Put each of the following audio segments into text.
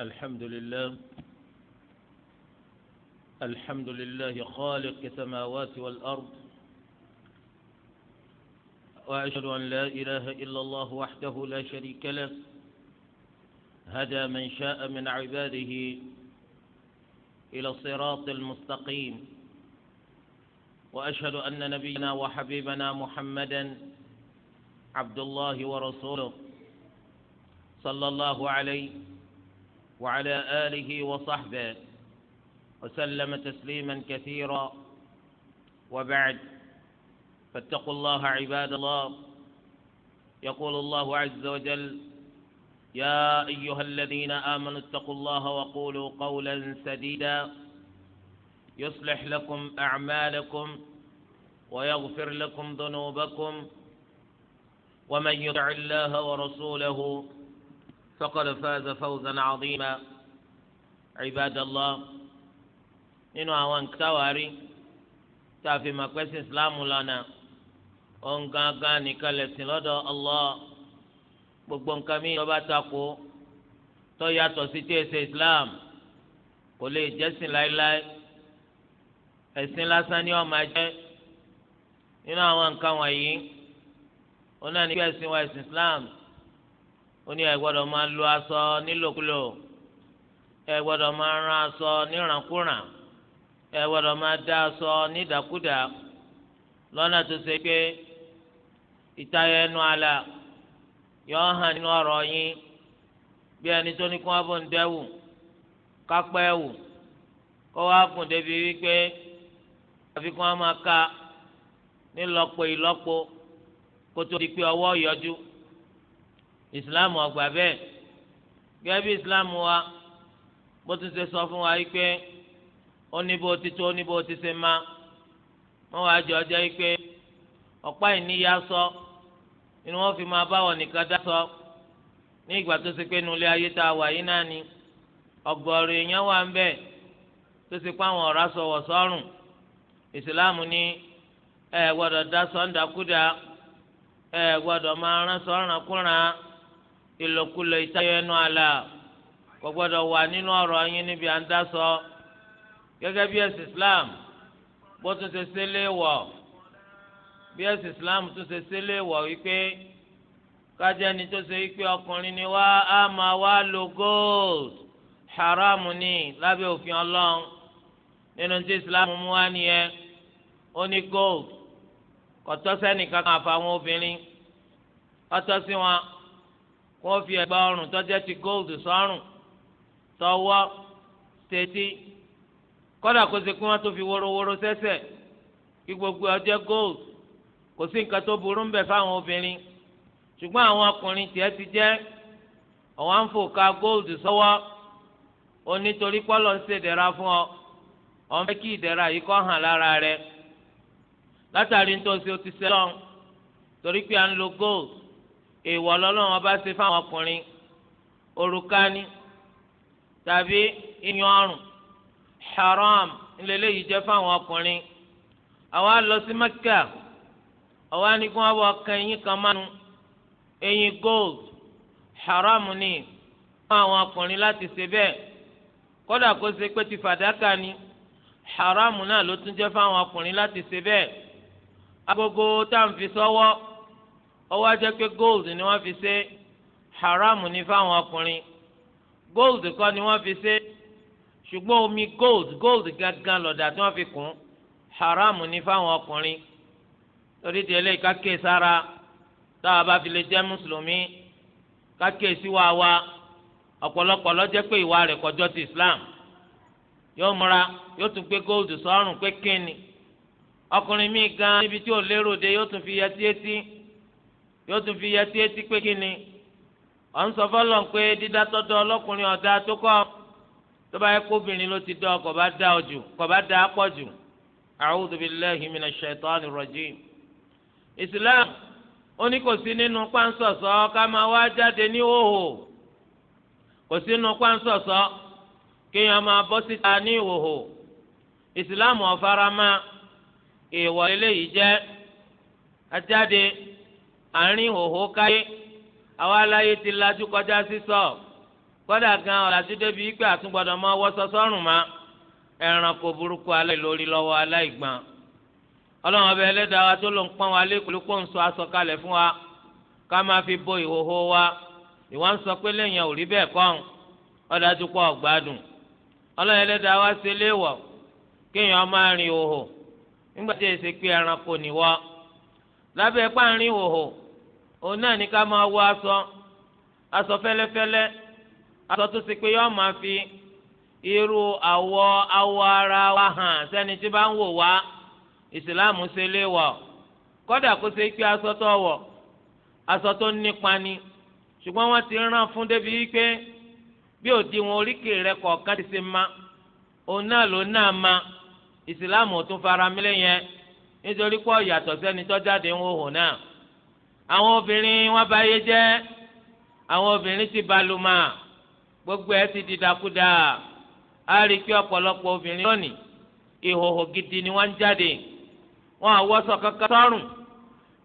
الحمد لله الحمد لله خالق السماوات والأرض وأشهد أن لا إله إلا الله وحده لا شريك له هدى من شاء من عباده إلى الصراط المستقيم وأشهد أن نبينا وحبيبنا محمدا عبد الله ورسوله صلى الله عليه وعلى آله وصحبه وسلم تسليما كثيرا وبعد فاتقوا الله عباد الله يقول الله عز وجل يا أيها الذين آمنوا اتقوا الله وقولوا قولا سديدا يصلح لكم أعمالكم ويغفر لكم ذنوبكم ومن يطع الله ورسوله فقد فاز فوزا عظيما عباد الله nínú àwọn nkáwárí tá a fi máa pẹ́ sí ìsìláàmù lọ́nà òun gángan nìkan lẹ̀sìn lọ́dọ̀ Allah gbogbo nǹkan mi lọ́ba tako tó yàtọ̀ sí tí ẹsẹ̀ islam kò lè jẹ́sìn láéláé ẹ̀sìn lásán ni ó máa jẹ́ nínú àwọn nǹkan wọ̀nyí òun náà ní bí ẹ̀sìn wa ẹ̀sìn islam. oní ní ẹ gbọ́dọ̀ máa lo aṣọ nílòkulò ẹ gbọ́dọ̀ máa rán aṣọ nírànkúràn ẹ gbọ́dọ̀ máa dá aṣọ nídàkúdà lọ́nà tó ṣe pé ìtayọ ẹnu àlà yọ hàn nínú ọrọ yín bí ẹni tó ní kí wọ́n bó islam ọgbà bẹ́ẹ̀ gẹ́gẹ́ bí ìsìláàmù wa bó ti ṣe sọ fún wa yìí pé ó ní bó ti tó ó ní bó ti ṣe má jọ yìí pé ọ̀pá sọ inú wọn fi máa báwọn nìkan dá sọ ní ìgbà tó ṣe pé nulẹ̀ ayé tá a wà yìí náà ni ọgọ́rùn èèyàn wà ń bẹ̀ tó ṣe pé àwọn ọ̀rá sọ́rùn ni sọ́ńdàkúdà máa rán ìlòkulò ìtayọ ẹnu àlà kò gbọdọ̀ wà nínú ọ̀rọ̀ yín níbi à ń dá sọ gẹ́gẹ́ bí ẹ̀sìn Islam bó tún ṣe ṣe léèwọ̀ bí ẹ̀sìn Islam tún ṣe ṣe léèwọ̀ wípé kájẹ́ ni tó ṣe wípé ọkùnrin ni wá á máa wá lo gold haram ni lábẹ́ òfin Ọlọ́run nínú tí Islam mú wá nìyẹn ó ní gold kò tọ́ sẹ́nìkan kan àfàwọn obìnrin ó tọ́ sí wọn. wọ́n fi ẹ̀gbà ọrùn tọ́jẹ́ ti góòlù sọ́rùn tọwọ́ tẹ́tí kọ́dà kó ṣe kí tó fi worowóró sẹsẹ kí gbogbo ọjọ́ góòlù kò sí nǹkan tó burú ń fáwọn obìnrin àwọn ti jẹ ọ̀wá ń góòlù onítorí ń fún ọ kí yìí hàn lára rẹ látàrí o ti èèwọ̀ lọ́lọ́run ọba ṣe fáwọn ọkùnrin òrùka ni tàbí iyan ọrùn haram ńlẹ́lẹ́yìí jẹ́ fáwọn ọkùnrin àwa lọ sí Mẹ́kà àwa ni kí wọ́n bọ̀ kan eyín kan mánu eyín gold haram ni fún àwọn ọkùnrin láti ṣe bẹ́ẹ̀ kódà kó ṣe pé ti fàdákà ni haram náà ló tún jẹ́ fáwọn ọkùnrin láti ṣe bẹ́ẹ̀ agogo tá à ń fi sọ́wọ́. So ọwọ́ ajẹ́ pé gold ni wọ́n fi ṣe haram ní fáwọn ọkùnrin gold kọ́ ni wọ́n fi ṣe ṣùgbọ́n omi gold gold gangan lọ̀dà tí wọ́n fi kún haram ní fáwọn ọkùnrin torí ti eléyìí kákè sára táwa bá fi lè jẹ́ mùsùlùmí kákè sí wa wa ọ̀pọ̀lọpọ̀ ló pé ìwà rẹ̀ kọjọ́ ti Islam yóò múra yóò tún gbé gold sọ́rùn pé kíni ọkùnrin míì gan níbi tí ò lérò dé yóò tún fi yẹtí yẹtí. yóò tún fi etí pé kí ni ọ̀ ń sọ pé dídá ọlọ́kùnrin ọ̀dà tó kọ́ tó bá yẹ ló ti dán kò bá dá ọ jù kò bá dá pọ̀ jù a'udhu billahi minash shaitani rajim islam ó ní kò sí nínú pánsọ̀sọ́ ká máa wá jáde ní ìhòhò kò sí nínú pánsọ̀sọ́ máa bọ́ síta ní ìhòhò ìwọ̀ àárín òhó káyé àwa aláyé ti lajú kọjá sísọ kódà gan ọ̀làjú débi ìgbà àtúngbọ̀dọ̀ máa wọ́sọ sọ́rùn ma ẹranko burúkú aláìlórí lọ́wọ́ aláìgbọ́n ọlọ́run ọba ẹlẹ́dàá wa tó ló ń pọ́n wa lékòó ló kó ń sọ aṣọ fún wa ká máa fi bo ìhòhò wa ìwà ń sọ pé lẹ́yìn ò rí bẹ́ẹ̀ kọ́ ọ̀dájú pọ̀ ọ̀gbádùn wa ṣe léèwọ̀ kéèyàn máa ìhòhò nígbà tí èsì pé ẹranko nìwọ lábẹ́ pàrin ìhòhò òun náà ní ká máa wọ aṣọ aṣọ fẹ́lẹ́fẹ́lẹ́ aṣọ tó pé yọọ máa fi irú àwọ̀ awọ ara wa hàn sẹ́ni tí bá ń wò wá ìsìláàmù ṣe lé wọ̀ kó ṣe pé aṣọ tó tó nípa ni ṣùgbọ́n wọ́n ti rán fún débi wípé bí òdi wọn oríkèé rẹ kọ̀ọ̀kan ti ṣe ma òun náà ma ìsìláàmù tún yẹn nítorí pé sẹ́ni tó jáde àwọn obìnrin wọn bá yé jẹ́ àwọn obìnrin ti balùmọ̀ gbogbo ẹ̀ ti di dàkúdà á rí i pé obìnrin lónìí ìhòhò gidi ni wọ́n ń jáde wọn àwọ̀sọ̀ kankan sọ́rùn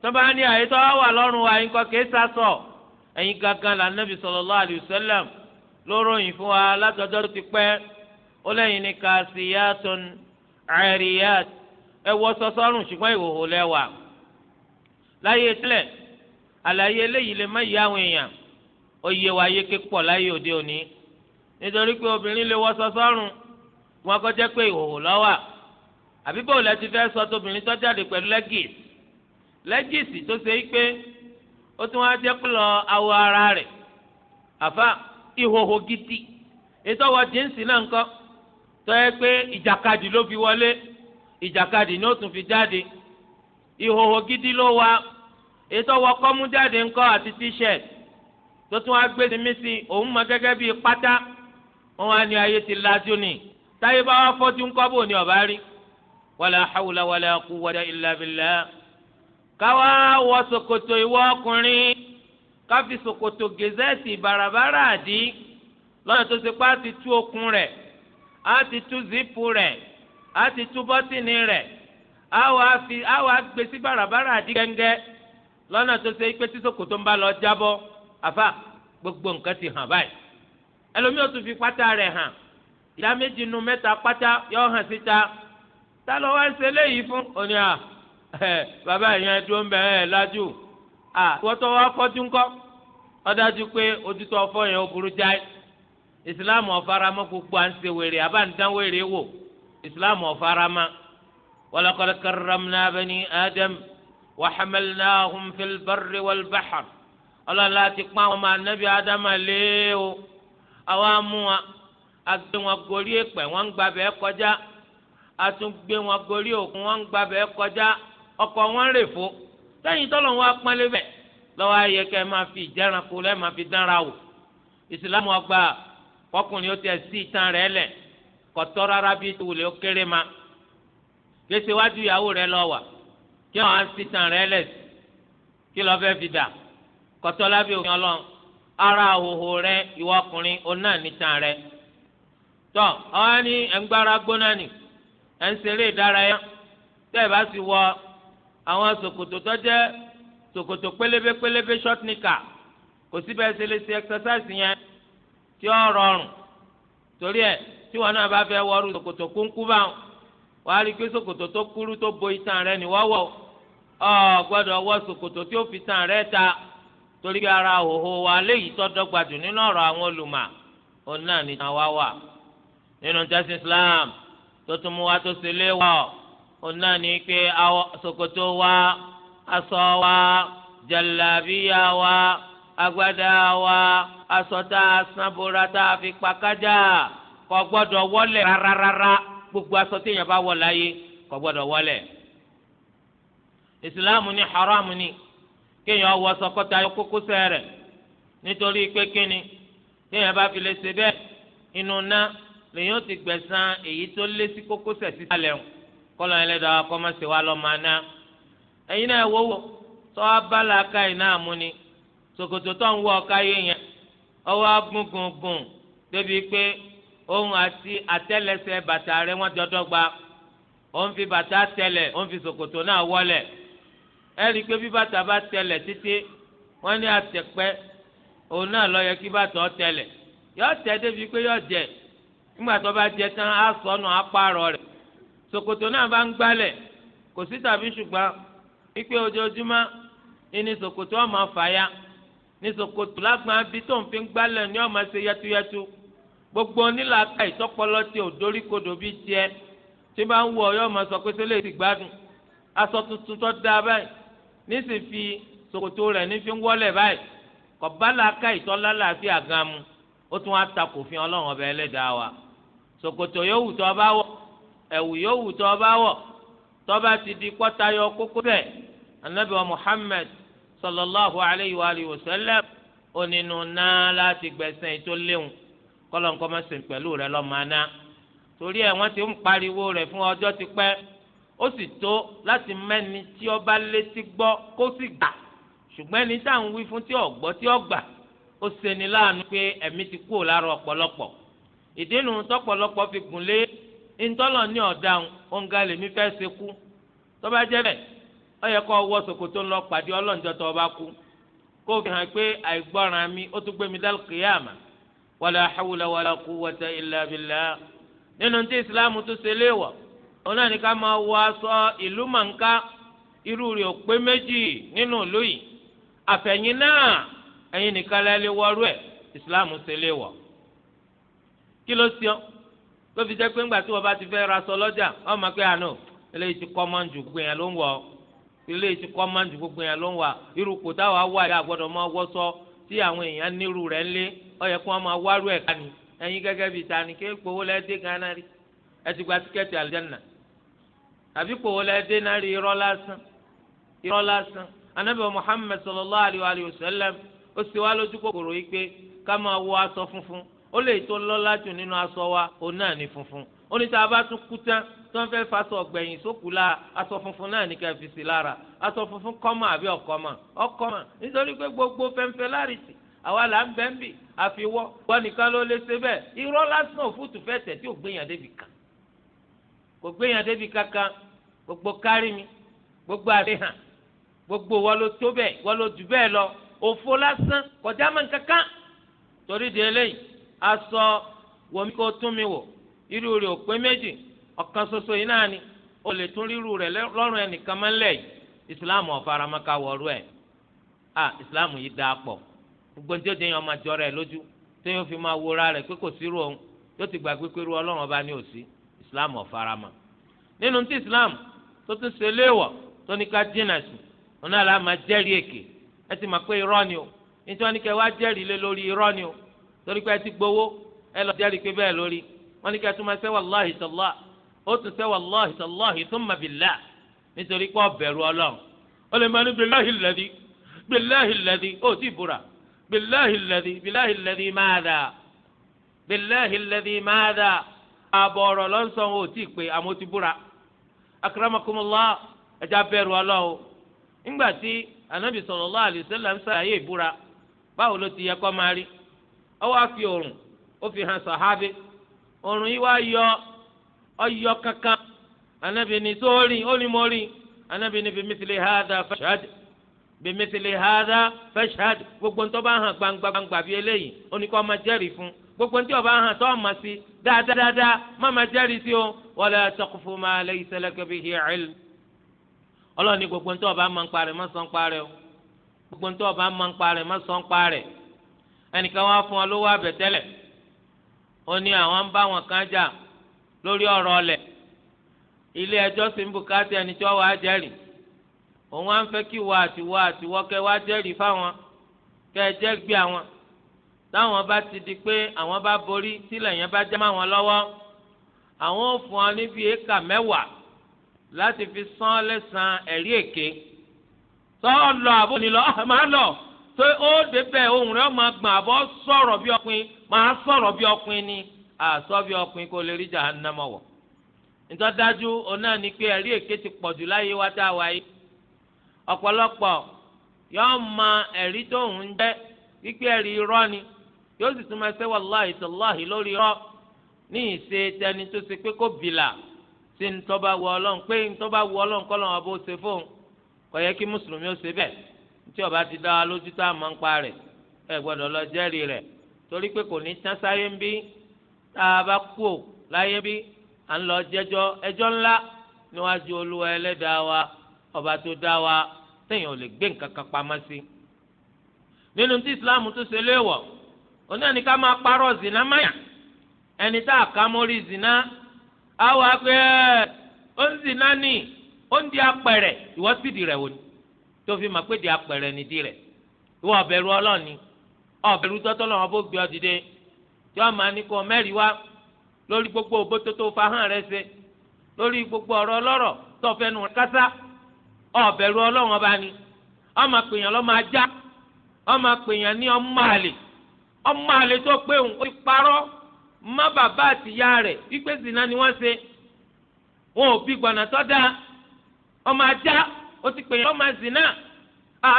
tó bá ní àyè wà lọ́rùn wa yín kọ́ kì í sasọ̀ ẹ̀yin gangan là nàbì sallallahu alaihi wasallam ló ròyìn fún wa látọjọ́ tó ti pẹ́ ó lẹ́yìn ní kasiyatun ariyat ẹ wọ sọ ṣùgbọ́n ìhòhò lẹ́wà láyé tilẹ̀ àlàyé eléyìí lè má yé àwọn èèyàn ó yé wa yé ké pọ̀ láyé òde òní nítorí pé obìnrin lè wọṣọ sọ́rùn wọn kọ́ jẹ́ pé ìhòòhò lọ́wà àbí bò lẹ́ ti fẹ́ sọ tóbìnrin tó jáde pẹ̀lú lẹ́gìs lẹ́gìsì tó ṣe é pé ó tún wá jẹ́ pé lọ awọ ara rẹ̀ àfa ìhòòhò gidi ètò jíǹsì náà ń kọ́ tó pé ìjàkadì ló fi wọlé ìjàkadì ni ó tún fi jáde ìhòòhò gidi ló wà ètò ọwọ́ kọ́mújáde ńkọ́ àti t-shirt tó tún wá gbé sinmi sí òun mọ gẹ́gẹ́ bíi pátá wọn wá ní ayé ti lajú ni táyé bá wá fọ́jú ńkọ́ bò ní ọ̀bá rí wàlá hawla wàlá quwwata illa billah káwá wọ ṣòkòtò ìwọ ọkùnrin káfi ṣòkòtò gẹ̀zẹ́ẹ̀tì bàràbàrà àdí lọ́nà tó ṣe pé á ti tú okùn rẹ̀ á ti tú zipu rẹ̀ á ti tú bọ́tìnì rẹ̀ á wàá gbé bàràbàrà àdí gẹ́gẹ́ lọ́nà tó ṣe pé tí ń bá lọ jábọ́ gbogbo nǹkan ti hàn báyìí ẹlòmíì ó tún fi pátá rẹ̀ hàn ìdá méjì nu mẹ́ta pátá yọ hàn síta tá ló wá ń ṣe léyìí fún òní à bàbá ìyẹn dúró ń bẹ ẹ lájú à wọ́tọ́ wá fọ́jú ńkọ́ pé ojútọ́ yẹn ó burú ìsìláàmù ọ̀faramọ́ gbogbo à ń ṣe wèrè àbá ń وحملناهم في البر والبحر ọlọ́la ti pa àwọn ọmọ anabi adama lé o àwa mú wa a gbé wọn gorí èpẹ̀ wọ́n ń gba bẹ́ẹ̀ kọjá a tún gbé wọn gorí òkun wọ́n ń gba bẹ́ẹ̀ kọjá ọkọ̀ wọn rè fo sẹ́yìn tọ́lọ̀ wọn apọ́nlé bẹ̀ lọ́wọ́ ayé kẹ́ ẹ máa fi ìjẹ́ranko lẹ́ẹ̀ máa fi dánra wò ìsìlámù ọgbà ọkùnrin ó tiẹ̀ sí ìtàn rẹ̀ lẹ̀ kọ̀tọ́ rárá bí ti wùlé ó kéré ma gbèsè wájú ìyàwó rẹ̀ lọ wà kí wọn á fi tàn rẹ lẹ kí lọ fẹ́ fi dà kọtọ lábẹ́ òfin Ọlọ́run ara àwòhò rẹ ìwọ ọkùnrin òun náà ní tàn rẹ tọ ọwọ ní ẹgbàrá gbóná ni ẹ ń ṣeré ìdárayá tẹ ẹ bá sì wọ àwọn ṣòkòtò tó jẹ ṣòkòtò pélébé pélébé short nika kò sí bẹ́ẹ̀ ṣe lè ṣe exercise yẹn tí ó rọrùn torí ẹ tí wọn náà bá fẹ́ wọrú ṣòkòtò kúńkú báwọn wàá rí i pé ṣòkòtò tó kúrú tó bo itan rẹ ni wọ́wọ́ ọ gbọ́dọ̀ wọ Sokoto tí ó fi tàn rẹ ta torí pé ara hòhò wa léyìí tó dọ́gba nínú ọ̀rọ̀ àwọn olùmọ̀ òun náà ní tàn wá wà nínú jẹ́sí Islam tó tún mú wa tó ṣe léwọ̀ òun náà ní pé ṣòkòtò wa aṣọ wa jàlábíyà wa agbádá wa aṣọ tá a sanbora tá a fi pa kájà rárára gbogbo aṣọ téèyàn bá wọ̀ láyé kò gbọ́dọ̀ wọlé. ìsìláàmù ní haramu ní kéèyàn wọ sọkọta yọ kókósẹ̀ rẹ̀ nítorí pé kíni téèyàn bá fi lè ṣe bẹ́ẹ̀ inú ná lèyàn ti gbẹ̀san èyí tó lé sí kókósẹ̀ síta lẹ́hùn kọ́lọ́ ẹlẹ́dàá kọ́mọ́sẹ̀ wa lọ́ọ́ máa ná ẹ̀yin náà wò wò tọ́ abala káyì náà mú ni ṣòkòtò tó ń wọ káyé yẹn ọwọ́ agbóngbòngbòn débi pé òun àti àtẹ́lẹsẹ̀ bàtà rẹ̀ wọ́n jọ dọ́gba òun fi bàtà tẹ̀lẹ̀ òun fi ṣòkòtò náà wọlẹ̀ ẹ̀rí pé bí bàtà bá tẹlẹ̀ títí wọ́n ní àtẹ̀pẹ́ òun náà ló yẹ kí bàtà ọ tẹlẹ̀ yọ tẹ débi pé yọ jẹ nígbà tó bá jẹ tán á sọnù apárọ̀ rẹ̀ ṣòkòtò náà bá ń gbálẹ̀ kò sí tàbí ṣùgbọ́n wípé ojoojúmọ́ ní ṣòkòtò ọmọ fàya ní ṣòkòtò lágbọn abí tó ń fi ń ní ọmọ ṣe yẹtuyẹtu gbogbo onílàáka ìtọ́pọlọ tí ò dórí kodò bíi tiẹ̀ tí bá ń wọ ọyọ́ ọmọ sọ pé sólè ti gbádùn aṣọ tuntun tó dáa báyìí níṣì fi sokoto rẹ̀ ní fi ń wọlé báyìí kọ̀bálà ká ìtọ́lá láàfin àgàmù ó tún á takò fi ọlọ́run ọba ẹlẹ́dàá wa ṣòkòtò yòówù tó bá wọ̀ ẹ̀wù yòówù tó bá wọ̀ tó bá ti di kọ́tayọ kókó bẹ́ẹ̀ anabi muhammed sallallahu alayhi wa alihi wa sallam onínú náà láti gbẹ̀sẹ̀ tó léwu kọ́lọ́nkọ́ mẹ́sìn pẹ̀lú rẹ̀ lọ́ọ́ máa ná torí ẹ̀ wọ́n ti ń pariwo rẹ̀ fún ọjọ́ ti pẹ́ ó sì tó láti mẹ́ni tí ó bá létí gbọ́ kó sì gbà ṣùgbọ́n ẹni tá à ń wí fún tí ó gbọ́ tí ó gbà ó ṣeni láàánú pé ẹ̀mí ti kúrò lára ọ̀pọ̀lọpọ̀ ìdínú tọ́pọ̀lọpọ̀ fi gùn lé ntọ́lọ̀ ní ọ̀daràn òǹga lèmi fẹ́ ṣe kú tó bá jẹ́ bẹ́ẹ̀ ó yẹ kó wọ ṣòkòtò ńlọ pàdé ọlọ́njọ́ tó bá kú kó fi hàn pé àìgbọ́ràn mi ó tún gbé mi dal qiyama wala hawla wala quwwata illa billah nínú tí ìsìláàmù tún ṣe léèwọ̀ ọ̀nà ni ká máa wọ aṣọ ìlú mànká irú rẹ̀ ò pé méjì nínú ìlú yìí àfẹ̀yìn náà ẹ̀yin nìkan lẹ́lẹ́ wọ́rú ẹ̀ islam ṣe lé wọ̀ kí ló ṣe ọ́ ló fi jẹ́ pé ńgbà tí wọ́n bá ti fẹ́ ra aṣọ lọ́jà wọ́n máa àánú eléyìí ti kọ́ máa ju gbé yẹn ló ń wọ̀ eléyìí ti kọ́ ju gbogbo yẹn ló ń wà irú kò táwa wà yà gbọ́dọ̀ máa wọ́ sọ tí àwọn èèyàn nírú rẹ̀ ń lé ó yẹ kó wọ́n máa ẹ̀yin gẹ́gẹ́ bíi owó àbí kò wọlé ẹdẹ náà rí irọ́ lásán irọ́ lásán anabi muhammed sallallahu alayhi wa sallam ó sì wá lójú kòkòrò yìí pé ká máa wọ aṣọ funfun ó lè tó lọ́lá jù nínú aṣọ wa òun náà ní funfun ó ní tá a bá tún kú tán tó ń fẹ́ faṣọ ọ̀gbẹ̀yìn sókù la aṣọ funfun náà ní ká fi sí lára aṣọ funfun kọ́mà àbí ọ̀kọ́mà ọ̀kọ́mà nítorí pé gbogbo fẹ́ńfẹ́ láàrìsì àwa là ń bẹ́ ń bì àfiwọ́ wọn nìkan ló lè ṣe bẹ́ẹ̀ irọ́ lásán òfútù fẹ́ tẹ̀ tí ò gbéyàn débi kan kò gbéyàn débi kankan gbogbo kárí mi gbogbo àríhàn gbogbo wọn ló tó bẹ́ẹ̀ wọn ló jù bẹ́ẹ̀ lọ òfo lásán kọjá mọ́ nǹkankan torí di eléyìí aṣọ wọmi kó tún mi wò irú rẹ̀ ò pé méjì ọ̀kan ṣoṣo yìí náà ni o lè tún rírú rẹ̀ lọ́rùn ẹnìkan mọ́lẹ̀ yìí ìsìláàmù ọ̀faramaka wọ̀ọ́rú ẹ̀ ah ìsìláàmù yìí dáa pọ̀ gbogbo ní ojú yẹn ọmọ àjọrọ ẹ̀ lójú tó yẹn fi máa wúra rẹ̀ pé kò sírú òun yóò ti gbàgbé pé irú ọlọ́run ọba ní òsì ìsìláàmù ọ̀farama nínú ti ìsìláàmù tó tún ṣe léèwọ̀ tó ní ká dínà sí òun náà la máa jẹ́rìí èké ẹ sì máa pé irọ́ ni o nítorí ní kẹ́ wá jẹ́rìí lé lórí irọ́ ni o torí pé ẹ ti gbowó ẹ lọ jẹ́rìí pé bẹ́ẹ̀ lórí wọ́n ní kẹ́ tún máa ṣe wàláhì tàlá ó tún ṣe wàláhì tàláhì thumma billah nítorí pé ọ̀bẹ̀rù ọlọ́run ó lè máa ní billahi alladhi billahi ó ti búra billahi alladhi billahi alladhi madha billahi alladhi madha àbọ̀ ọ̀rọ̀ lọ́sàn-án ó akramakumullah ẹja bẹ̀rù Ọlọ́run nígbà tí anabi sallallahu alaihi wasallam ń sàlàyé ìbúra báwo ló ti yẹ kó máa rí ó wá fi òòrùn ó fi hàn sàhábì òòrùn yìí wá yọ ọyọ kankan anabi ní sórí ó ní mo rí anabi ní bimithili hadha fashhad bimithili hadha fashhad gbogbo ntọ́ bá hàn gbangba gbangba bíi eléyìí ó ní kó máa jẹ́rìí fún gbogbo ntí ó bá hàn tó ọmọ sí dáadáa má máa jẹ́rìí sí o wala taqfu ma laysa laka bihi ilm ọlọ́run ní gbogbo ntọ́ ọba máa ń parẹ́ má sọ́n parẹ́ o gbogbo ntọ́ ọba máa ń parẹ́ má sọ́n parẹ́ ẹnìkan wá fún ọ lówó àbẹ̀tẹ́lẹ̀ ó ní àwọn ń bá wọn kan jà lórí ọ̀rọ̀ ọlẹ̀ ilé ẹjọ́ sì ń bùkátà ẹni tí wọ́n wá jẹ́rìí òun á ń fẹ́ kí wọ́n àtiwọ́ àtiwọ́ kẹ́ wá jẹ́rìí fáwọn kẹ́ ẹ jẹ́ gbé àwọn táwọn bá ti di pé àwọn bá borí tílẹ̀ yẹn bá jẹ́ máwọn lọ́wọ́ àwọn fún wa níbi éka mẹ́wàá láti fi san lẹ́sàn ẹ̀rí èké tọ́ lọ àbó nílọ máa lọ tó ó débẹ̀ ohùn rẹ̀ máa gbọ̀n àbọ̀ sọ̀rọ̀ bí ọkùnrin máa sọ̀rọ̀ bí ọkùnrin ni àsọ bí ọkùnrin kò lè rí wọ̀ pé ẹ̀rí èké ti pọ̀jù láyé wá dá wa ọ̀pọ̀lọpọ̀ yóò mọ ẹ̀rí jẹ́ wípé ni yóò sì lórí irọ́ ní ìṣe tẹni tó ṣe pé kó bìlà sí ntọ́ba wọ ọlọ́run pé ntọ́ba wọ ọlọ́run kọ́ lọ́wọ́ bó ṣe fóun kò yẹ kí mùsùlùmí ó ṣe bẹ́ẹ̀ tí ọba ti dá lójú tá a máa ń pa rẹ̀ ẹ gbọ́dọ̀ lọ jẹ́rìí rẹ̀ torí pé kò ní tán sáyé ń bí tá a bá kú ò láyé bí à ń lọ jẹ́jọ́ ẹjọ́ ńlá níwájú olúwa ẹlẹ́dàá wa ọba tó dá wa téèyàn ò lè gbé nǹkan kan pamọ́ sí nínú tí ìsìláàmù tó ṣe léèwọ̀ òun ẹni tá a kà mórí zina àwọn akpẹ ẹ ó ń zina ni ó ń di apẹ̀rẹ̀ ìwọ sì di rẹ̀ wò ni tó fi ma pé di apẹ̀rẹ̀ ni di rẹ̀ ìwọ ọ̀bẹ̀rù ọlọ́ọ̀ni ọ̀bẹ̀rù tọ́tọ́ lọ́wọ́ bó gbé ọ dìde tí wọ́n máa ní mẹ́rin wá lórí gbogbo òbótó tó fa hàn rẹ ṣe lórí gbogbo ọ̀rọ̀ ọlọ́rọ̀ tó fẹ́ nu kásá ọ̀bẹ̀rù ọlọ́wọ́n bá ní ọmọ pèèyàn lọ́ máa já ọmọ pèèyàn ní ọmọ àlè ọmọ àlè tó pé òun ó ti parọ́ má bàbá yaa rẹ̀ wípé zina ni wọ́n ṣe wọn ò bí gbọ̀nà tó dáa ọmọ ajá ó ti pè é ọmọ zina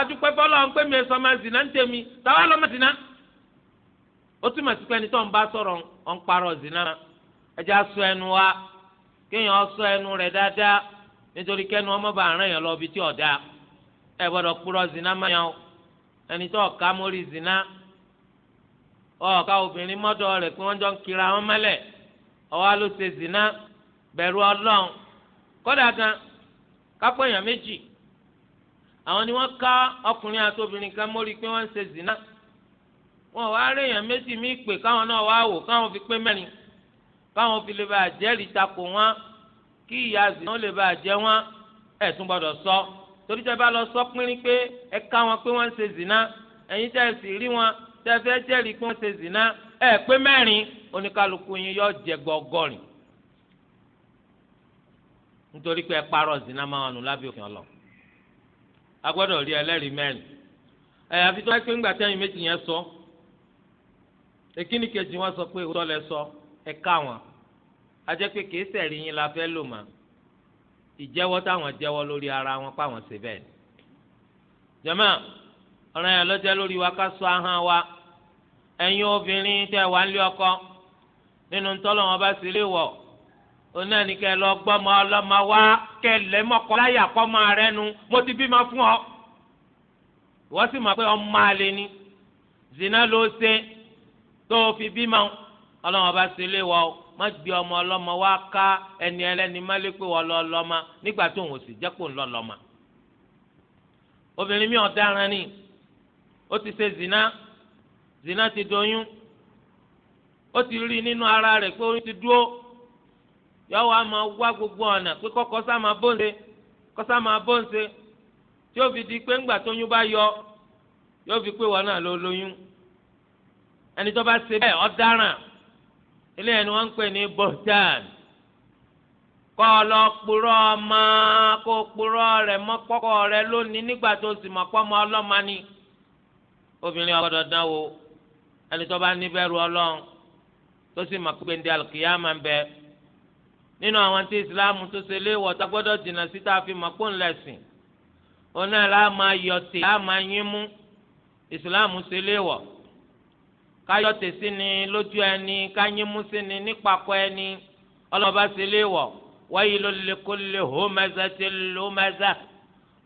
àdúpẹ́ fọlọ́ ń pè mí ẹ̀sọ́ ọmọ zina ń tẹ̀mí táwa lọ́mọ zina ó túmọ̀ sí pé ẹni tó ń bá sọ̀rọ̀ ọ̀ ń zina ẹja sọ ẹnu wa kéèyàn sọ ẹnu rẹ̀ dáadáa nítorí kẹ́nu ọmọ bá yàn lọ ibi tí gbọ́dọ̀ zina máa yàn ẹni tó mórí zina ọ̀ọ́ká obìnrin mọ́dọ̀ rẹ̀ pé wọ́n jọ ń kira wọn mẹ́lẹ̀ ọwọ́ ló ṣe zina bẹ̀rù ọlọ́run kódà kan kápẹ́ èèyàn méjì àwọn ni wọ́n ká ọkùnrin àti obìnrin kan mórí pé wọ́n ń ṣe zina wọn wá rí èèyàn méjì mí pè káwọn náà wá wò káwọn fi pé mẹ́rin káwọn fi lè bá àjẹ́rìí takò wọn kí ìyá zina ó lè bá àjẹ́ wọn ẹ̀ tún sọ torí tẹ́ bá lọ sọ pínrín pé ẹ ká wọn pé wọ́n ń ṣe zina ẹ̀yin tẹ́ ẹ sì rí wọn tẹfẹ jẹri pé wọ́n ṣe zina ẹ̀ pé mẹ́rin oníkálukú yín yọ jẹ gbọ́gọ́rin nítorí pé ẹ zina máa wà nù ọlọ a ri rí ẹlẹ́rìí mẹ́rin ẹ̀ àfi tó wáyé pé ńgbà tẹ́yìn méjì yẹn sọ èkíní kejì wọn sọ pé òótọ́ lẹ sọ ẹ ká wọn a pé la lò mà táwọn lórí ara wọn ṣe wa ká sọ wa ẹ̀yin obìnrin tẹ́ wà ń lé ọkọ nínú ntọ́lọ̀ wọn bá sì lè wọ̀ onáà ní kẹ́ lọ gbọ́mọ ọlọ́mọ wá kẹ́ lẹ́mọ̀kọ láyà kọ́ máa rẹ́ nu mo ti bímọ fún ọ. wọ́n sì mọ̀ pé ọmọ àlè ni zina ló ṣe tó o fi bímọ ọlọ́wọ́n bá sì lè wọ̀ má gbé ọmọ ọlọ́mọ wa ká ẹni ẹlẹ́ni má lè pé wọ́n lọ lọ́mọ nígbà tó òun sì jẹ́ kó ń lọ lọ́mọ. obìnrin mi ọ̀daràn ni ó ti ṣe zina zina ti doyún ó ti rí nínú ara rẹ̀ pé oyún ti dúró yọwọ a máa wá gbogbo ọ̀nà pé kọ́kọ́ sá máa bóńse kọ́sá máa bóńse tí ó fi di pé ńgbà tóyún bá yọ yóò fi pé wọn náà ló lóyún ẹni tó bá ṣe bẹ́ẹ̀ ọ̀daràn ilé ẹni wọ́n ń pè ní bohtan kọ́ lọ kpọ̀rọ̀ ọmọ kó kpọ̀rọ̀ rẹ̀ mọ́kọ́kọ́ rẹ̀ lónìí nígbà tó sì mọ̀ pọ́ ọlọ́mọ ni obìnrin ọgbọ́dọ̀ dánwò ẹni tó bá níbẹ̀rù ọlọ́run tó sì mọ̀ pé ndé alùkìyàmà ń bẹ nínú àwọn tí ìsìláàmù tó ṣe léèwọ̀ tá gbọ́dọ̀ jìnnà sí tá a fi mọ̀ pé ń lẹ̀sìn òun láà máa yọ tè láà máa yín mú ìsìláàmù ṣe léèwọ̀ káyọ̀ tè sí ni lójú ẹni káyín mú sí ni nípakọ̀ ẹni ọlọ́ọ̀bá ṣe léèwọ̀ wailul likulli humazatil lumazah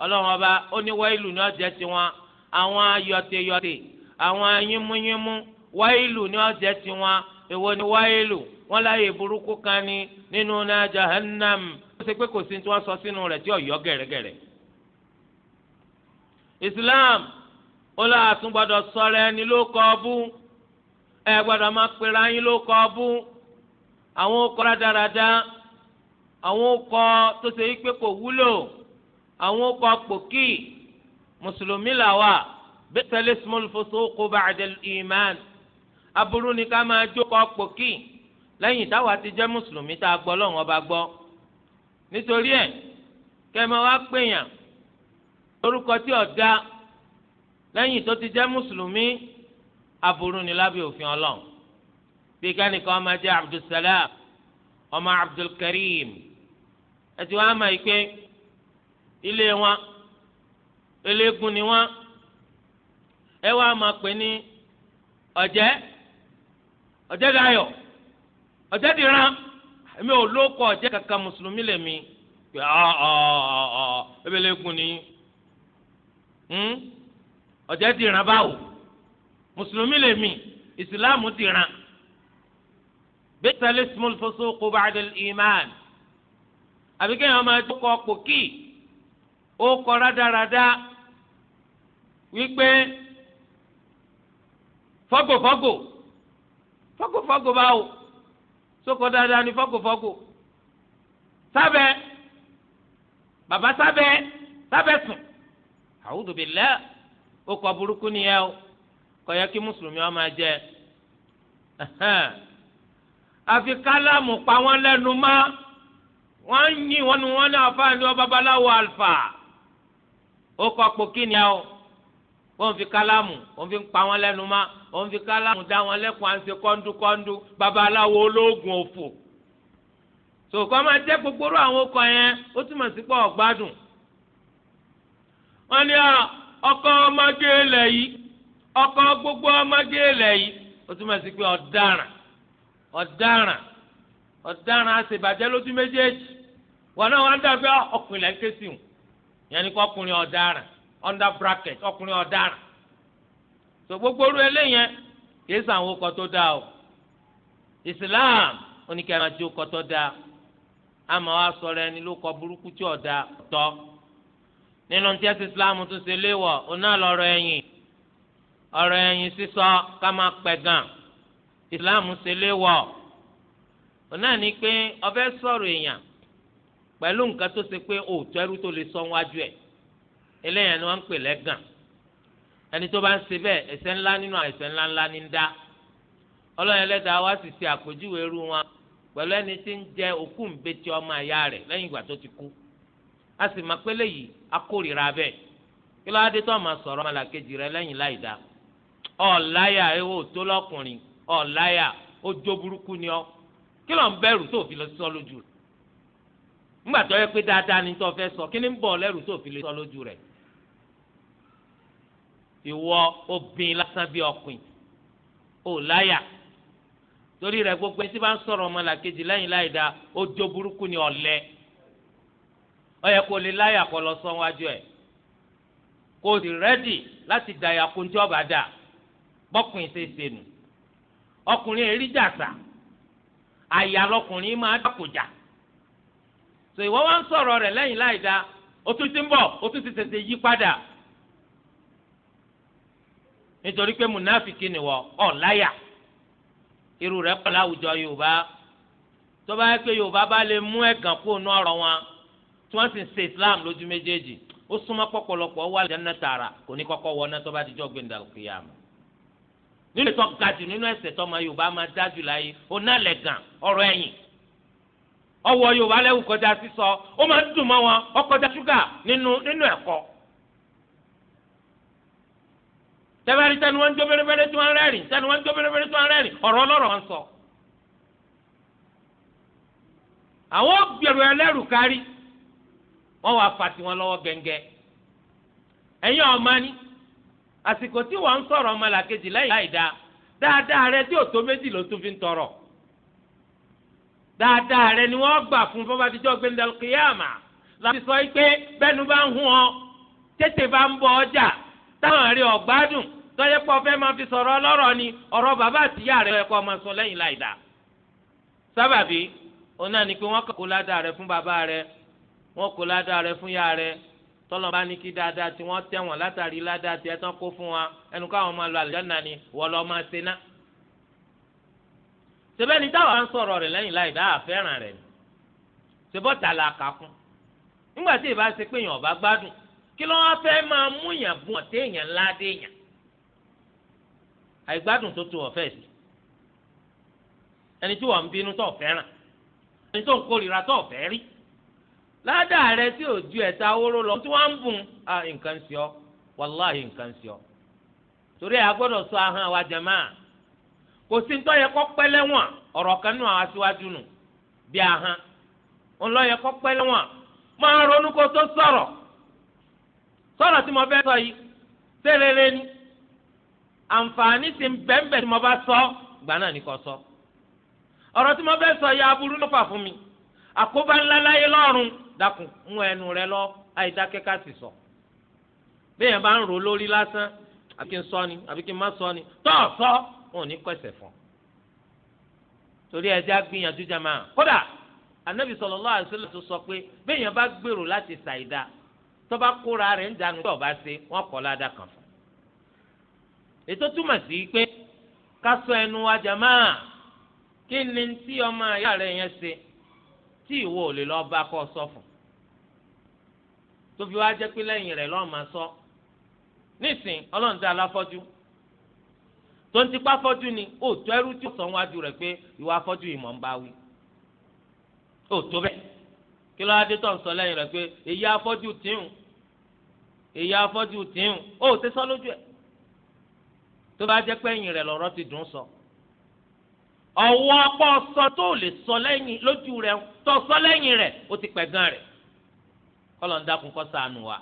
ọlọ́run ọba ó ní wáyé lù ní ọ̀jẹ̀ tiwọn àwọn ayọ̀tẹ̀yọ̀tẹ̀ àwọn yínmúyínmú wáìlù ni jẹ jẹ́ wọn èwo ni wáìlù wọn láyè burúkú kan ni nínú náà hannam ó ṣe pé kò sí tí wọ́n sọ sínú rẹ̀ tí islam ó láà tún gbọ́dọ̀ sọ̀rọ̀ ẹni ló kọ ọbú ẹ máa pera bi'sal ismul fusuqu ba'dal iman aburú ni ká máa jókòó pòkì lẹ́yìn táwa ti jẹ́ mùsùlùmí tá a gbọ́ lọ́wọ́n bá gbọ́ nítorí ẹ̀ kẹ́mọ́ wá pèèyàn lórúkọ tí ọ̀dá lẹ́yìn tó ti jẹ́ mùsùlùmí aburú ni lábẹ́ òfin ọlọ́run bí kánìkan ọmọ jẹ́ abdulsalam ọmọ abdulkareem ẹ ti wá máa yí pé ilé wọn eléégún ni wọn ẹ wá máa pè ní ọ̀jẹ́ ọ̀jẹ́ dayọ̀ ọ̀jẹ́ dìran èmi ò lóko ọ̀jẹ́ kankan mùsùlùmí lèmi pé ọ̀ ọ̀ ọ̀ ebelekun ni hmm? ọ̀jẹ́ dìran báwo mùsùlùmí lèmi ìsìláàmù dìran bẹ́tẹ̀lẹ́ small foso kó bá dé iman àbíkẹ́ yẹn máa kọ́ pòkì ó kọ́ rádaràda wípé fọ́gòfọ́gò fọ́gòfọ́gò báwo sóko dáadáa ni fọ́gòfọ́gò sábẹ́ bàbá sábẹ́ sábẹ́ sùn àwùjọ bíi lẹ́ẹ̀ ó kọ burúkú nìyẹn o kò yẹ kí mùsùlùmí ó máa jẹ àfi kálámù pa wọ́n lẹ́nu mọ́ wọ́n ń yìn wọ́n nu wọ́n ní àfáàní ọ babaláwo àlùfà ó nìyẹn o wọ́n fi kálámù wọ́n fi ń pa wọ́n lẹ́nu mọ́ wọ́n fi kálámù dá wọn lẹ́kùn à ń ṣe kọ́ńdúkọ́ńdú babaláwo olóògùn òfò. sòkò máa jẹ́ gbogbo rú àwọn ọkọ̀ yẹn ó túmọ̀ sí pé ọ̀gbádùn. wọ́n ní ọkọ̀ ọmọge ilẹ̀ yìí ọkọ̀ gbogbo ọmọge ilẹ̀ yìí ó túmọ̀ sí pé ọ̀daràn ọ̀daràn ọ̀daràn àṣebàjẹ́ lójú méjèèjì wọn náà wọn dàbí ọkùnrin lẹ́ńkẹ́sì under bracket ọkùnrin ọ̀daràn so gbogbo oru eléyẹn kìí sàn o Islam onike máa di ọkọ tó àmọ́ wa sọ̀rọ̀ ẹni ló kọ burúkú tí ọ̀dà tọ́ nínú tí ẹsẹ̀ Islam tún ṣe léwọ̀ oná lọ́rọ̀ ẹ̀yìn ọ̀rọ̀ ẹ̀yìn sísọ ká máa pẹ̀gàn Islam ṣe léwọ̀ oná ní pé ọbẹ̀ sọ̀rọ̀ èèyàn pẹ̀lú nǹkan tó sọ wájú ele ni wọ́n ń pè lẹ́gàn ẹni tó bá ń ṣe bẹ́ẹ̀ ẹsẹ ńlá nínú ẹ̀ṣẹ̀ ńlá ńlá ní ń dá ọlọ́run ẹlẹ́dàá wá sì ṣe àpèjúwe irú wọn ẹni tí ń jẹ òkú ọmọ ìgbà ti kú a sì máa pélé yìí abe bẹ́ẹ̀ kí ló dé tó rẹ láì dá ewo tó burúkú ni kí ló ń tó fi lọ tó yẹ pé dáadáa ni tó sọ kí ni ń tó fi lọ ìwọ obìnrin lásán bíi ọkùnrin ò láyà torí rẹ gbogbo ẹtí bá ń sọ̀rọ̀ ọmọlàkejì lẹ́yìn láì dáa burúkú ni ọlẹ. yẹ kó lọ sọ ẹ kó o sì láti dàyà kó tí ọba dà bọkùnrin ṣe ṣe nù ọkùnrin èrí àyà lọkùnrin máa dàkùjà ìwọ wá ń rẹ láì o tún ti ń o nítorí pé munafiki ni wọ ọ láyà irú rẹ̀ pọ̀ láwùjọ yorùbá tó bá yẹ pé yorùbá bá lè mú ẹ̀gàn kó nu ọ̀rọ̀ wọn tí wọ́n sì ń ṣe islam lójú méjèèjì ó súnmọ́ pọ̀pọ̀lọpọ̀ wà lẹ́nà tààrà kò ní kọ́kọ́ wọ náà tó bá ti jọ́ gbẹ̀ndà kìyàmù nínú ìtọ́ ga jù nínú ẹ̀ṣẹ̀ tó ma yorùbá máa dájú láyé ó ná lẹ̀gàn ọ̀rọ̀ ẹ̀yìn ọwọ́ yorùbá lẹ́wù kọjá sísọ ó máa dùn mọ́ wọn ọkọjá ṣúgà nínú nínú ẹ̀kọ́ tẹ́bàrí sani wọ́n ń jó bẹ́rẹ́bẹ́rẹ́ tí wọ́n rẹ́rìn ń jó tí wọ́n rẹ́rìn ọ̀rọ̀ ọlọ́rọ̀ wọn sọ. àwọn gbèrò ẹlẹ́rù kárí wọ́n wàá fa tiwọn lọ́wọ́ gẹ́ngẹ́. ẹ̀yin ọ̀ma ni àsìkò tí wọ́n ń sọ̀rọ̀ ọmọlàkejì lẹ́yìn dáadáa rẹ tí òtó méjì ló tún fi ń tọrọ. dáadáa rẹ ni wọ́n gbà fún tọ́yẹ pọ̀ fẹ́ máa fi sọ̀rọ̀ ọlọ́rọ̀ ni ọ̀rọ̀ bàbá àtìyá rẹ̀ ẹ̀kọ́ ọmọ sọ lẹ́yìn láì dá sábàbí òun náà ni pé wọ́n kó ládàá rẹ̀ fún bàbá rẹ̀ wọ́n kó ládàá rẹ̀ fún ìyá rẹ̀ tọ́lọ́ba ní kí dáadáa tí wọ́n tẹ̀wọ̀n látàrí ládàá tí ẹ tán kó fún wa ẹnu káwọn máa lọ àlùjáná ni wọ́n lọ máa ṣe ná. sẹ́bẹ̀ni táwa ń sọ̀rọ̀ rẹ̀ lẹ́yìn láì ni sẹ́bọ̀ tà la kà kún. nígbà tí ìbá ṣe pé èèyàn ọba gbádùn kí ló wá fẹ́ máa mú àìgbádùn tó tu ọ̀fẹ́ sí ẹni tí wọ́n ń bínú tó fẹ́ràn ẹni tó ń kórìíra tó fẹ́ rí ládàá rẹ tí ò ju ẹ̀ta oró lọ tí wọ́n ń bùn à nǹkan sí ọ wàláhì nǹkan sí ọ torí ẹ̀ agbọ́dọ̀ sọ ahọ́n àwa jẹ̀má kò sí ń tọ́yẹ kọ́ pẹ́ ọ̀rọ̀ kan nù àwọn aṣíwájú nù bí ahọ́n ń yẹ kọ́ pẹ́ lẹ́wọ̀n máa ronú kó tó sọ̀rọ̀ sọ̀rọ̀ tí mo fẹ́ sọ yìí sẹ́lẹ̀lẹ́ ni. àǹfààní ti ń bẹ́ẹ̀nbẹ́ẹ́ tí mo bá sọ gbà náà ní kò sọ. ọ̀rọ̀ tí mo fẹ́ sọ ya aburú ló fà fún mi àkóbá ńlá láyé lọ́rùn dákun mú ẹnu rẹ lọ àìdákẹ́ ká sì sọ. béèyàn bá ń rò lórí lásán àbí kí n sọ ni àbí kí n má sọ ni tọ́ ọ sọ wọn ò ní kọsẹ̀ fún. torí ẹja gbìyànjú jama kódà anabi sallallahu alaihi wasallam tó sọ pé béèyàn bá gbèrò láti ṣàìdá tó bá kóra rẹ̀ ń dànù tó bá ètò túmọ̀ sí pé ká sọ ẹnu wa jàmáà kí ni tí ọmọ ìyá rẹ yẹn ṣe tí ìwọ ò lè lọ bá kọ́ sọ fún tó fi wá jẹ́ pé lẹ́yìn rẹ̀ lọ́ọ́ máa sọ nísìn ọlọ́run tí aláfọ́jú tó ń tipa fọ́jú ni ó tó ẹrú tí ó sọ wájú rẹ̀ pé ìwà afọ́jú ìmọ̀ ń bá wí ó tó bẹ́ẹ̀ kí ló adé tó ń sọ lẹ́yìn rẹ̀ pé èyí afọ́jú tìǹ èyí afọ́jú tìǹ ó ti lójú ẹ̀ tó bá jẹ́ pé ẹ̀yìn rẹ̀ ti dùn sọ ọwọ́ ọpọ sọ tó lè sọ lẹ́yìn lójú rẹ̀ tó sọ lẹ́yìn ó ti pẹ̀ gan rẹ̀ kọlọ ń dákun wa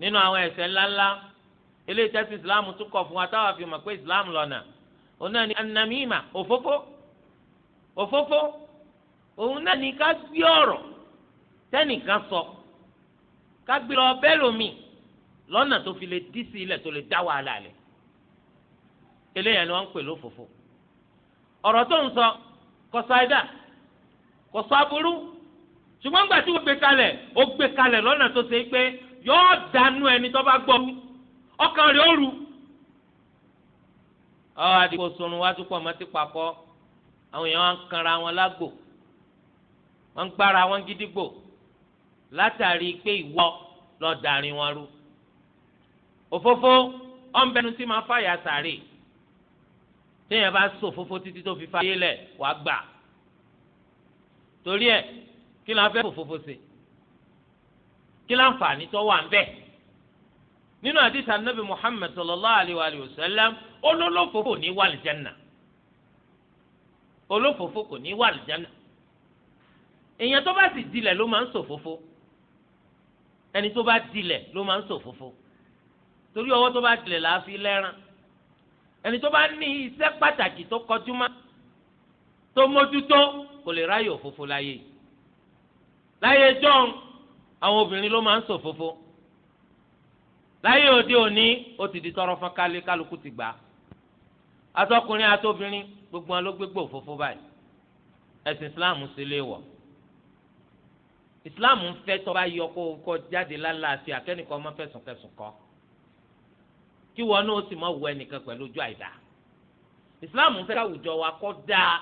nínú àwọn ẹ̀ṣẹ̀ ńláńlá ilé ìtẹ́sí islam tún kọ̀ fún wa fi islam lọ́nà òun náà anamima òfófó òfófó òun náà ká gbé ọ̀rọ̀ tẹ́nìkan sọ ká gbé lọ bẹ́ẹ̀ lómi lọ́nà eléyàn ni wọ́n ń pè lófòfò ọ̀rọ̀ tó ń sọ kò sọ àìdá kò sọ aburú ṣùgbọ́n gbà tí ó gbé kalẹ̀ ó gbé kalẹ̀ lọ́nà tó ṣe pé yóò dànù ẹni tó bá gbọ́ ọkàn rẹ̀ ó rú ọ àdìgbò sọrun wá tó pọ̀ mọ́ ti pàkọ́ àwọn èèyàn wọn kanra wọn lágbo wọn gbára wọn gídígbò látàrí pé ìwọ lọ dàrin wọn rú òfófó ọ̀nbẹ́nu tí máa fàyà sàrè téèyàn bá sọ fófó títí tó fi fáyé lẹ̀ wá gbà torí ẹ̀ kí ló ń fẹ́ fòfófó ṣe kí ló ń fà ní tọ́wọ́ à ń bẹ̀ nínú àdìsá nàbì Muhammad sallallahu alayhi wa sallam olólófò kò ní wà lìjánà olófòfó kò ní wà lìjánà èèyàn tó bá sì dilẹ̀ ló máa ń ṣòfófó ẹni tó bá dilẹ̀ ló máa ń ṣòfófó torí ọwọ́ tó bá dilẹ̀ làá fi lẹ́ràn ẹni tó bá ní iṣẹ́ pàtàkì tó kọjú mọ́ tó mójútó kò lè ráyè òfófó láyé láyé jọ́n àwọn obìnrin ló máa ń ṣòfófó láyé òde òní ó ti di tọrọ fún kálí kálukú ti gbà atọkùnrin àtobìnrin gbogbo wọn ló gbégbó òfófó báyìí ẹ̀sìn Islam sì lè wọ̀ Islam ń fẹ́ tó yọ kó kọ jáde lálàáfíà kẹ́nìkan ọmọ fẹ̀sùn kẹsùn kọ́ kí wọn náà sì máa wọ ẹnìkan pẹ̀lú ojú àìdá ìsìláàmù fẹ́ káwùjọ wa kọ́ dáa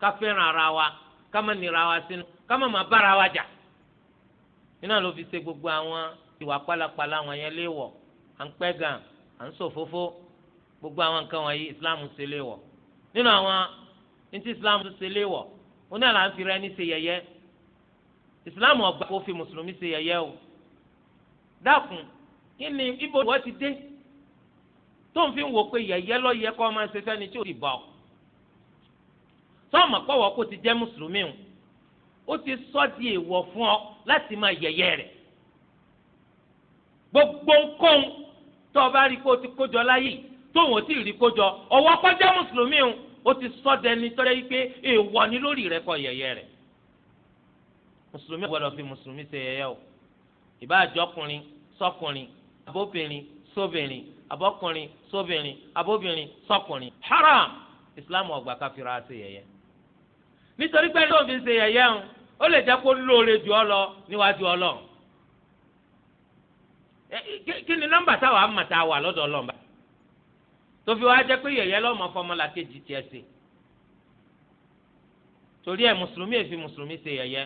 ká fẹ́ràn ara wa ká má nira wa sínú ká má má bára wa jà nínú àlọ́ fi ṣe gbogbo àwọn ìwà pálapàla àwọn yẹn léèwọ̀ à ń pẹ́ gan à ń ṣòfófó gbogbo àwọn nǹkan wọ̀nyí ìsìláàmù ṣe léèwọ̀ nínú àwọn ní ti ìsìláàmù ṣe léèwọ̀ oní àlà ń fi rẹ ṣe yẹ̀yẹ́ ìsìláàmù ọgbà kò fi mùsùlùmí ṣe yẹ̀yẹ́ o dákun kí ni ibo ìwọ ti dé tó ń fi wò pé yẹ̀yẹ́ lọ yẹ kó máa ṣe fẹ́ni tí ò sì bọ̀ sọ́ọ̀mọ̀ pọ̀wọ́ kó ti jẹ́ mùsùlùmí o ó ti sọ́ di èèwọ̀ fún ọ láti máa yẹ̀yẹ́ rẹ̀ gbogbo nǹkan tó o bá rí kó o ti kójọ láyè tó o ti rí kójọ ọwọ́ kó jẹ́ mùsùlùmí o ó ti sọ́ dẹni tọ́lẹ́ yìí pé èèwọ̀ ni lórí rẹ̀ kó yẹ̀yẹ́ rẹ̀ mùsùlùmí gbọ́dọ̀ fi mùsùlùmí ṣe yẹ̀yẹ́ o ìbá àjọkùnrin sọkùnrin àbóbìnrin sóbìnrin abọ́kùnrin sóbìnrin abóbìnrin sọkùnrin haram islam ò gbà ká fi ra ṣe yẹ̀yẹ́ nítorí pé lóun fi ṣe yẹ̀yẹ́ ń ó lè jẹ́ kó lóore jù ọ lọ níwájú ọlọ́run kí ni nọ́mbà táwa ama tá a wà lọ́dọ̀ ọlọ́mba tó fi wá jẹ́ pé yẹ̀yẹ́ lọ́mọ fọmọ làkejì tiẹ̀ ṣe torí ẹ̀ mùsùlùmí èfi mùsùlùmí ṣe yẹ̀yẹ́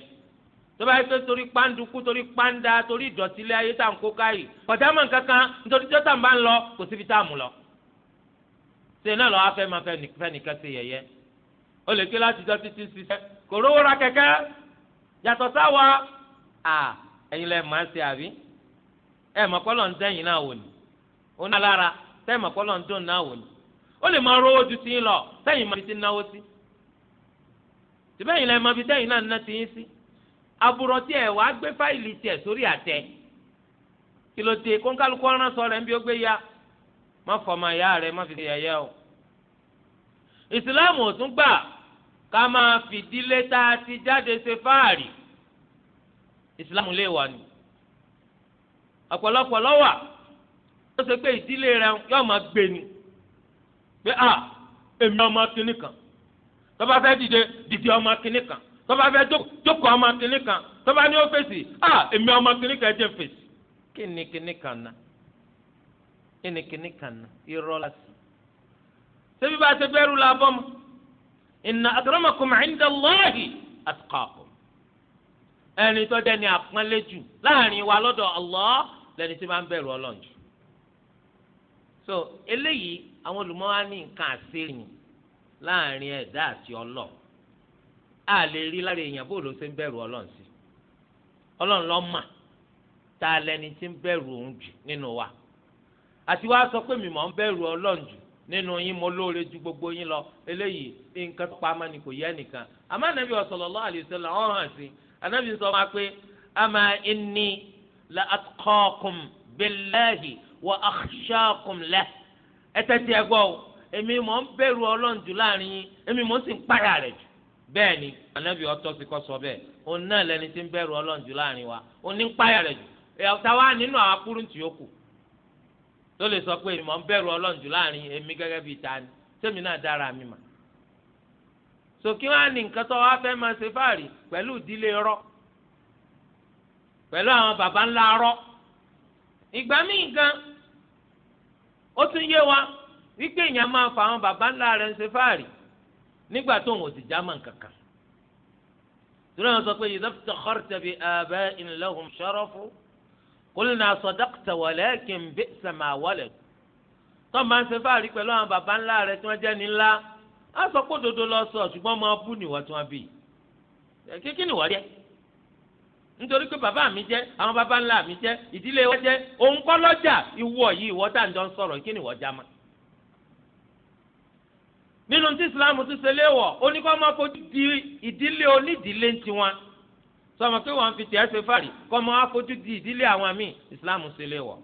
tó bá yẹ pé torí pàǹdùkú torí pàǹdà torí ìdọ̀tí ilé ayé tá à ń kó káyì ọ̀dà mọ̀ kankan nítorí tí ó tà ń bá ń lọ kò síbi tá à mú lọ. ṣe náà lọ́wọ́ afẹ́ máa fẹ́ nìkan ṣe yẹ̀yẹ́ ó lè ké láti jọ títí ṣiṣẹ́ kò rówó ra kẹ̀kẹ́ yàtọ̀ sáwa à ẹ̀yin lẹ máa ń ṣe àbí ẹ̀ mọ̀ kọ́ ń dẹ́yìn náà wò ni ó ná lára tẹ́ mọ̀ kọ́ ń dùn náà wò ni ó lè máa rówó ju tiyín lọ tẹ́yìn máa fi ti náwó sí tìbẹ́yìn lẹ máa fi tẹ́yìn náà ná tiyín sí. Si àbùrọ̀ tí ẹ̀ wá gbé fáìlì tiẹ̀ sórí àtẹ kìlọ̀tì kọ́ńkálukọ́ ọ̀ràn sọ rẹ̀ ń bí ó ya má fọmọ ìyá rẹ̀ má fi yẹ̀yẹ́ o. ìsìláàmù ò tún gbà ká máa fìdílé tá a ti jáde ṣe fáàrí ìsìláàmù lè wà ní. ọ̀pọ̀lọpọ̀ lọ́wà ó ṣe pé ìdílé rẹ̀ yóò máa gbé ni pé à èmi ọmọ kìnnìkan tó fẹ́ dìde dìde ọmọ kìnnìkan tọ́ba fẹ́ jókòó ọmọ kìnnì kan tọ́ba ní ó à èmi ọmọ kìnnì kan jẹ́ fèsì. kíni kìnnì na kíni kìnnì kan na irọ́ la sí. ṣebí bá a ṣe bẹ́rù la bọ́ mu ẹni tó dẹni àpọ́nlé jù láàrin wa lọ́dọ̀ Allah lẹni tí máa ń bẹ̀rù Ọlọ́run so eléyìí àwọn wa ní nǹkan àṣírí láàrin ẹ̀dá àti Ọlọ́run a lè rí lára èèyàn bó ló ṣe ń bẹ̀rù ọlọ́run sí ọlọ́run mà tá a lẹni tí ń bẹ̀rù òun nínú wa àti sọ pé mi ń bẹ̀rù ọlọ́run nínú yín mo lóore ju gbogbo yín lọ eléyìí nǹkan tó pamọ́ ni kò yẹ nìkan àmọ́ anabi sallallahu alaihi wasallam ọ̀hún àti anabi sọ wá pé ama la wọ ẹ tẹ́tí ẹ gbọ́ o èmi mò ń bẹ̀rù ọlọ́run jù láàrin yín èmi mò ń sì ń bẹ́ẹ̀ ni anabi ọtọ́ sí kọ́ sọ bẹ́ẹ̀ òun náà lẹni tí ń bẹ̀rù ọlọ́run jù láàrin wa òun ní ń páyà rẹ̀ jù ẹ̀yà nínú àwọn akúrúntì yòókù tó lè sọ pé ìmọ̀ ń bẹ̀rù ọlọ́run jù láàrin èmi gẹ́gẹ́ bíi ta ni sẹ́mi náà dára mi mà. sòkí ní nǹkan tó wá fẹ́ pẹ̀lú ìdílé rọ́ nígbà tó ń òsì jámà kankan torí àwọn sọ pé yìí dọ́kítà kọ́rìtà bíi abẹ́ ìnìlẹ́hùn ṣọ́rọ́fù kólé náà sọ dọ́kítà wọlé kí n bí sàmà wọlé tó máa ń ṣe fáàrí pẹ̀lú àwọn baba ńlá rẹ tí wọ́n jẹ́ ní ńlá á sọ pé òdodo lọ sọ ṣùgbọ́n máa bú nìwọ tí wọ́n bí kíkí nìwọ rí ẹ nítorí pé bàbá mi jẹ́ àwọn baba ńlá mi jẹ́ ìdílé wa jẹ́ òun kọ́ lọ́jà ìwọ yìí ìwọ tá à ń jọ ń sọ̀rọ̀ kí nìwọ já máa nínú tí islam tún ṣe léwọ̀ ó ní kó máa fojú di ìdílé onídìílé ń tiwọn sọmọ pé wọn fi tiẹ̀ ṣe fàrí kó máa fojú di ìdílé àwọn míì islam ṣe léwọ̀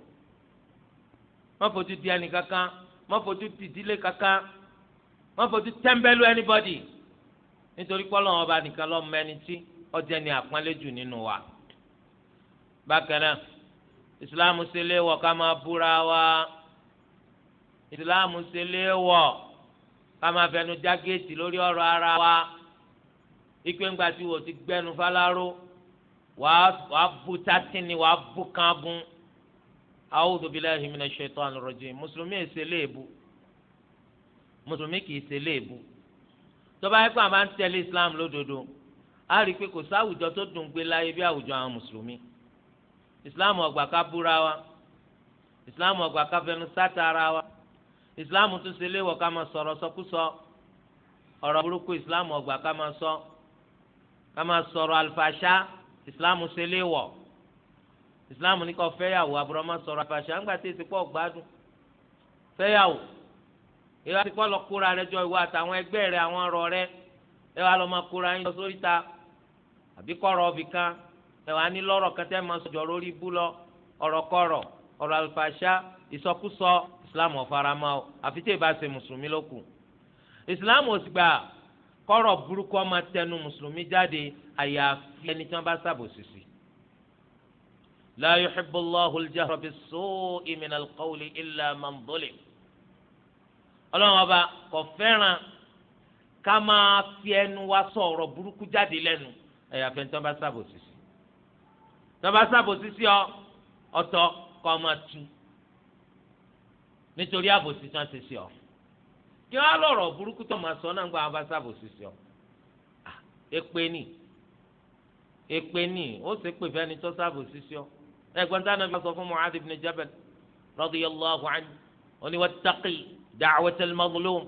má fojú di ẹnì kankan má fojú di ìdílé kankan má fojú tẹ́ńbẹ́lú anybody nítorí pọ́lọ́ ọba nìkan lọ́ọ́ mẹ́ni tí ọjọ́ ni àpọ́nlé jù nínú wa bákan náà islam ṣe léwọ̀ ká máa búra wa islam ṣe léwọ̀. Kama máa fẹnu já géètì lórí ọ̀rọ̀ ara wa ikú ńgbà tí wò ti gbẹnu faláró wàá bu tátìní wàá bu kángun a'udhu billahi minash shaitanir rajim mùsùlùmí èsè léèbù mùsùlùmí kì í ṣe léèbù tọ́ba yẹn àbá ń tẹ̀lé islam lódodo á rí i pé kò sáwùjọ tó dùn gbé láyé bí àwùjọ àwọn mùsùlùmí islam ò gbà ká búra wa islam ò ká fẹnu sátara wa islam tún ṣe léwọ̀ ká máa sọ̀rọ̀ sọkúsọ ọ̀rọ̀ burúkú islam ọgbà ká máa sọ ká máa sọ̀rọ̀ àlùfàṣà islam ṣe léwọ̀ islam ní kò fẹ́yàwó àbúrò máa sọ̀rọ̀ àlùfàṣà ńgbà tí èsì pọ̀ gbádùn fẹ́yàwó ìwà tí kò lọ kóra rẹ jọ ìwà àtàwọn ẹgbẹ́ rẹ àwọn ọ̀rọ̀ rẹ ẹ wàá lọ máa kóra yín lọ sórí ta àbí kọ̀rọ̀ ọ̀bì kan ẹ ní lọ́rọ̀ kẹtẹ́ máa sọ̀jọ̀ lórí bú lọ ọ̀rọ̀kọ̀rọ̀ ọ̀rọ̀ àlùfàṣà ìsọkúsọ islam ọ̀farama o àfi tí ìbá ṣe mùsùlùmí ló kù islam ò sì gbà kọ́rọ̀ burúkú ọmọ tẹnu mùsùlùmí jáde àyàfi ẹni tí wọ́n bá ṣàbòsí sí. la yuhibbu Allahu al-jahra bis-su'i min al-qawli illa man zulim. ọlọ́run ọba kò fẹ́ràn ká máa fi ẹnu wa sọ burúkú jáde lẹ́nu àyàfi ẹni tí wọ́n bá ṣàbòsí sí. tí wọ́n bá ṣàbòsí sí ọ ọ̀tọ̀ kọ́ ọ tún nítorí àbòsí tán ti sí ọ kí wọn lọ́rọ̀ burúkú tó máa sọ náà ń gba àwọn abáṣá àbòsí sí ọ èpè ni èpè ni ó sì pè fẹ́ni tó sábòsí sí ọ ẹgbọn tí a nàbí sọ fún Mu'adh ibn Jabal radiyallahu anhu ó ní wattaqi da'wata al-mazlum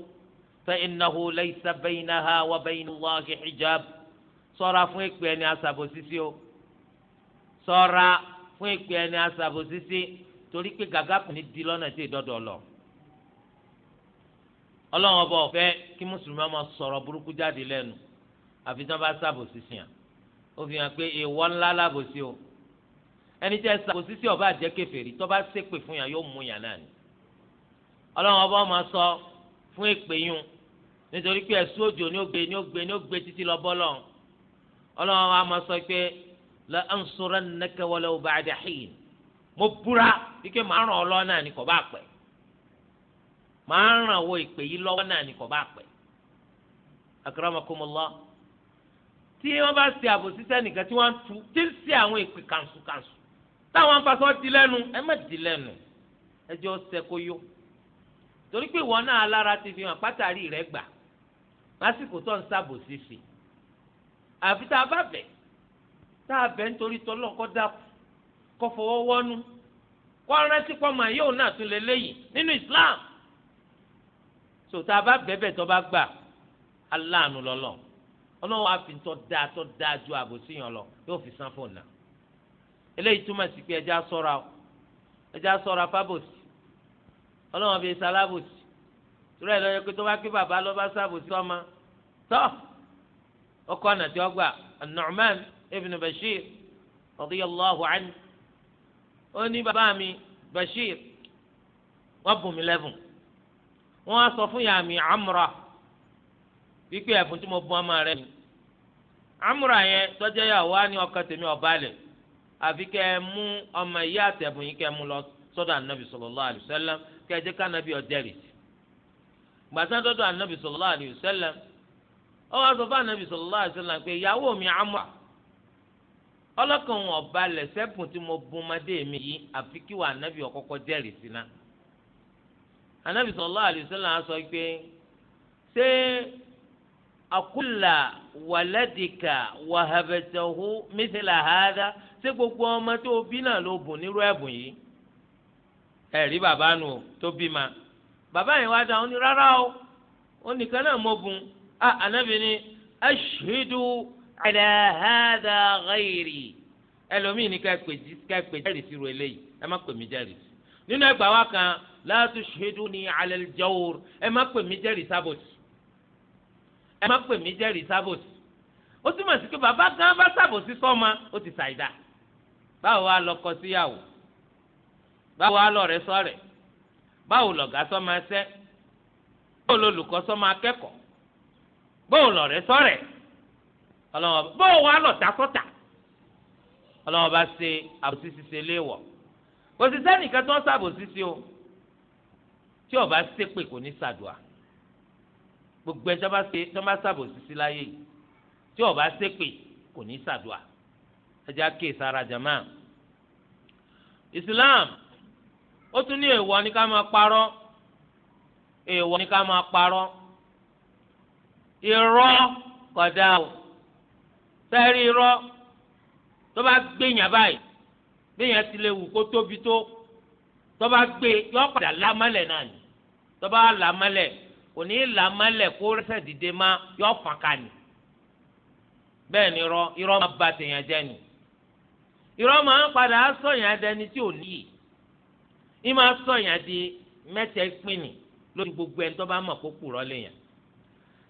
fa innahu laysa baynaha wa bayna Allahi hijab ṣọ́ra fún èpè ẹni aṣàbòsí sí o fún èpè ẹni aṣàbòsí sí torí pé gàgà kò ní di lọ́nà tí ìdọ́dọ̀ lọ. ọlọ́run ọba ọ̀fẹ́ kí mùsùlùmí ọmọ sọ̀rọ̀ burúkú jáde lẹ́nu àfi tí wọ́n bá ṣàbòsí sí yàn ó fi hàn pé ìwọ ńlá lábòsí o ẹni tí ẹ ṣàbòsí sí ọba àjẹ́ kèfèrí tó bá ṣépè fún yàn yóò mú yàn náà ni. ọlọ́run ọba ọmọ sọ fún èpè yún nítorí pé ẹ̀sùn òjò ni ó gbé ni ó gbé ni ó gbé títí lọ bọ́ lọ́run ọlọ́run ọba ọmọ sọ pé la ansurannaka walau ba'da hin mo búra wípé màá ràn ọ́ lọ́wọ́ náà ni kò bá pẹ́ màá ràn wọ ìpè yìí lọ́wọ́ náà ni kò bá pẹ́ akramakumullah tí wọ́n bá ṣe àbòsí sẹ́nìkan tí wọ́n tu tí ń ṣe àwọn ìpè kàǹsùkàǹsù táwọn afasọ di lẹ́nu ẹ má di lẹ́nu ẹjọ́ sẹ́ kó yó torí pé ìwọ náà alára ti fi hàn pátárì rẹ gbà lásìkò tó ń ṣàbòsí sí àfi tá a bá bẹ̀ tá a bẹ̀ nítorí tọ́lọ́ kọ́ kó fọwọ́ wọ́nú kó rántí pọ́mọ yóò náà tún lè léyìí nínú Islam sòtá bá bẹ́bẹ̀ tó bá gbà aláàánú lọ́lọ́ ọlọ́wọ́ àfi tó dáa tó dáa ju àbòsí yàn lọ yóò fi san fún ọ̀nà eléyìí túmọ̀ sí pé ẹja sọ́ra ẹja sọ́ra fábòsí ọlọ́wọ́ bíi sálábòsí tura ẹ lọ́yọ́ pé tó bá kí bàbá lọ́ bá sábòsí ọmọ tọ́ ọkọ ọ̀nà tí ó gbà An-Nu'man ibn Bashir radiyallahu ó ní bàbá mi Bashir wọ́n bùn mí lẹ́bùn wọ́n á sọ fún mi wípé ẹ̀fún tí mo bùn ọmọ mi Amra yẹn tọ́jú ìyàwó á ní ọkàn tèmi ọ̀bá lẹ̀ àfi kẹ́ ẹ mú ọmọ ìyá àtẹ̀bùn yìí mú lọ sọ́dọ̀ ànábì sallallahu alaihi wasallam kẹ́ ẹ jẹ́ ká ànábì ọ̀dẹ́rì gbàtàdọ́dọ̀ ànábì sallallahu alaihi wasallam ọ wá sọ fún ànábì sallallahu alaihi pé ìyàwó mi ọlọ́kàn wọn ọba lẹ́sẹ̀pùn tí mo bùn ọmọdé mi yìí àfi kí wà ànábì ọ̀kọ́kọ́ jẹ́rìí sí ná. ànábì sallallahu alaihi wasallam sọ pé ṣé àkúlà wàlẹ́dìkà wàhábẹ̀tẹ̀hù mithla hadha ṣé gbogbo ọmọ tó bí náà ló bùn nírú ẹ̀bùn yìí. ẹ̀rí bàbá nù tó bí ma bàbá yẹn wá dáhùn ní rárá o ó nìkan náà mo bùn ah, ànábì ni ashhidu ala hadha ghairi ẹlòmíì ní ká pè jí ká pè jẹ́rìí sí ru eléyìí ẹ má pè mí jẹ́rìí sí nínú ẹgbàá wa kan la tushhiduni ala al-jawr ẹ má pè mí jẹ́rìí sábòtì ẹ má pè mí jẹ́rìí sábòsì ó túmọ̀ sí pé bàbá gan bá sábòsì sọ́mọ ó ti ṣàìdá báwo wá lọkọ síyàwó báwo wá lọ̀rẹ́ sọ̀rẹ́ báwo lọ̀gá sọ́mọ ẹsẹ́ báwo lolùkọ́ sọ́mọ akẹ́kọ̀ọ́ báwo lọ̀rẹ́ sọ̀rẹ́ ọlọ́wọ́ bó wàá lọ̀tà sọ́tà ọlọ́wọ́ bá ṣe àbòsí ṣíṣe léèwọ̀ kò sì sẹ́nìkan tó ń ṣàbòsí sí o tí ó bá ṣépè kò ní ṣàdùà gbogbo ẹ̀ tó bá ṣàbòsí sí láyé yìí tí ó bá ṣépè kò ní ṣàdùà ẹja ké sara jama Islam ó tún ní èèwọ̀ ní ká máa parọ́ èèwọ̀ ní ká máa parọ́ irọ́ kódà o sẹ́ẹ̀rì rọ tó bá gbé yàn báyìí gbé yàn ti lè wù kó tóbi tó tó bá gbé yọ padà lámọ́lẹ̀ náà ni tó bá lámọ́lẹ̀ kò ní lámọ́lẹ̀ kó rẹ́sẹ̀ dìde má yọ fàn ni bẹ́ẹ̀ ni irọ́ irọ́ máa ba tèèyàn jẹ́ ni irọ́ máa ń padà sọ tí ò níyì ní máa sọ yàn di pínì gbogbo ẹni tó bá mọ̀ kó kúrọ́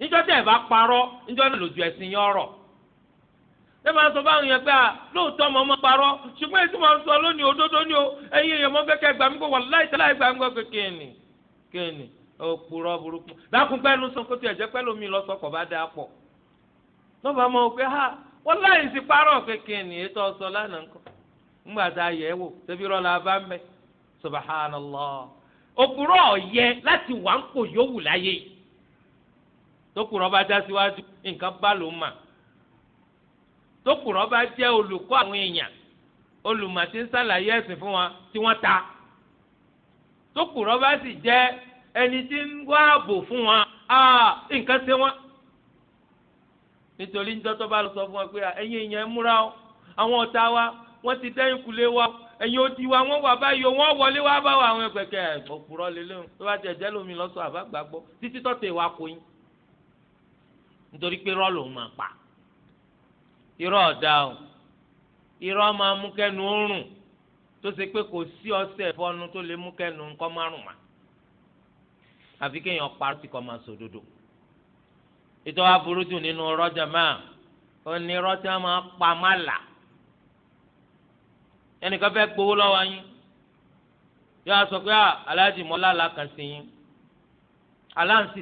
níjọ́ tẹ̀ bá parọ́ níjọ́ náà ẹ̀sìn ṣé máa sọ báwọn yẹn pé à lóòótọ́ mọ̀ ọmọ parọ́ ṣùgbọ́n èyí tí sọ lónìí òdodo ni o ẹ̀yin èèyàn mọ́ fẹ́kẹ́ gbàmí kó wàláì tẹ́lá ìgbàmí kó kéènì kéènì òpùrọ̀ burúkú dákúnpẹ́ ló sọ kó pẹ́ lómi lọ́sọ̀ kọ̀ bá dáa pọ̀ lọ́ba mọ̀ pé ha parọ́ ètò ọ̀sọ̀ lánàá ńgbà tá a yẹ wò tẹ́bí rọ́ bá ń yẹ tókùrọ̀ bá jẹ́ olùkọ́ àwọn èèyàn olùmọ̀tí ń sàlàyé ẹ̀sìn fún wọn tí wọ́n ta tókùrọ̀ bá sì jẹ́ ẹni tí ń wá ààbò fún wọn nǹkan ṣe wọn. nítorí níjọ́ bá lọ sọ fún wọn pé ẹ̀yin èèyàn múra o àwọn ọ̀tá wa wọ́n ti dẹ́yìn kulé wa ẹ̀yin òdì wa wọ́n wà báyìí o wọ́n wọlé wá bá wa àwọn ẹgbẹ̀kẹ́ òpùrọ̀ lélẹ́hùn tó bá jẹ́ jẹ́ lómi lọ́sọ̀ àbágbàgbọ́ títí tọ́tẹ̀ wa kò yín nítorí pé rọ́ọ̀lù máa pa irọ́ ọ̀dà o irọ́ máa mú kẹ́nu oorùn tó ṣe pé kò sí ọṣẹ ìfọnu tó lè mú kẹ́nu ńkọ́ márùn mà àfi kéèyàn parí tí kò máa sòdodo ètò aburú jù nínú rọ́jà máa ó ní rọ́jà máa pa má là ẹnìkan fẹ́ gbowó lọ́wọ́ yín yóò sọ pé ah, aláàjì sí yín aláǹsì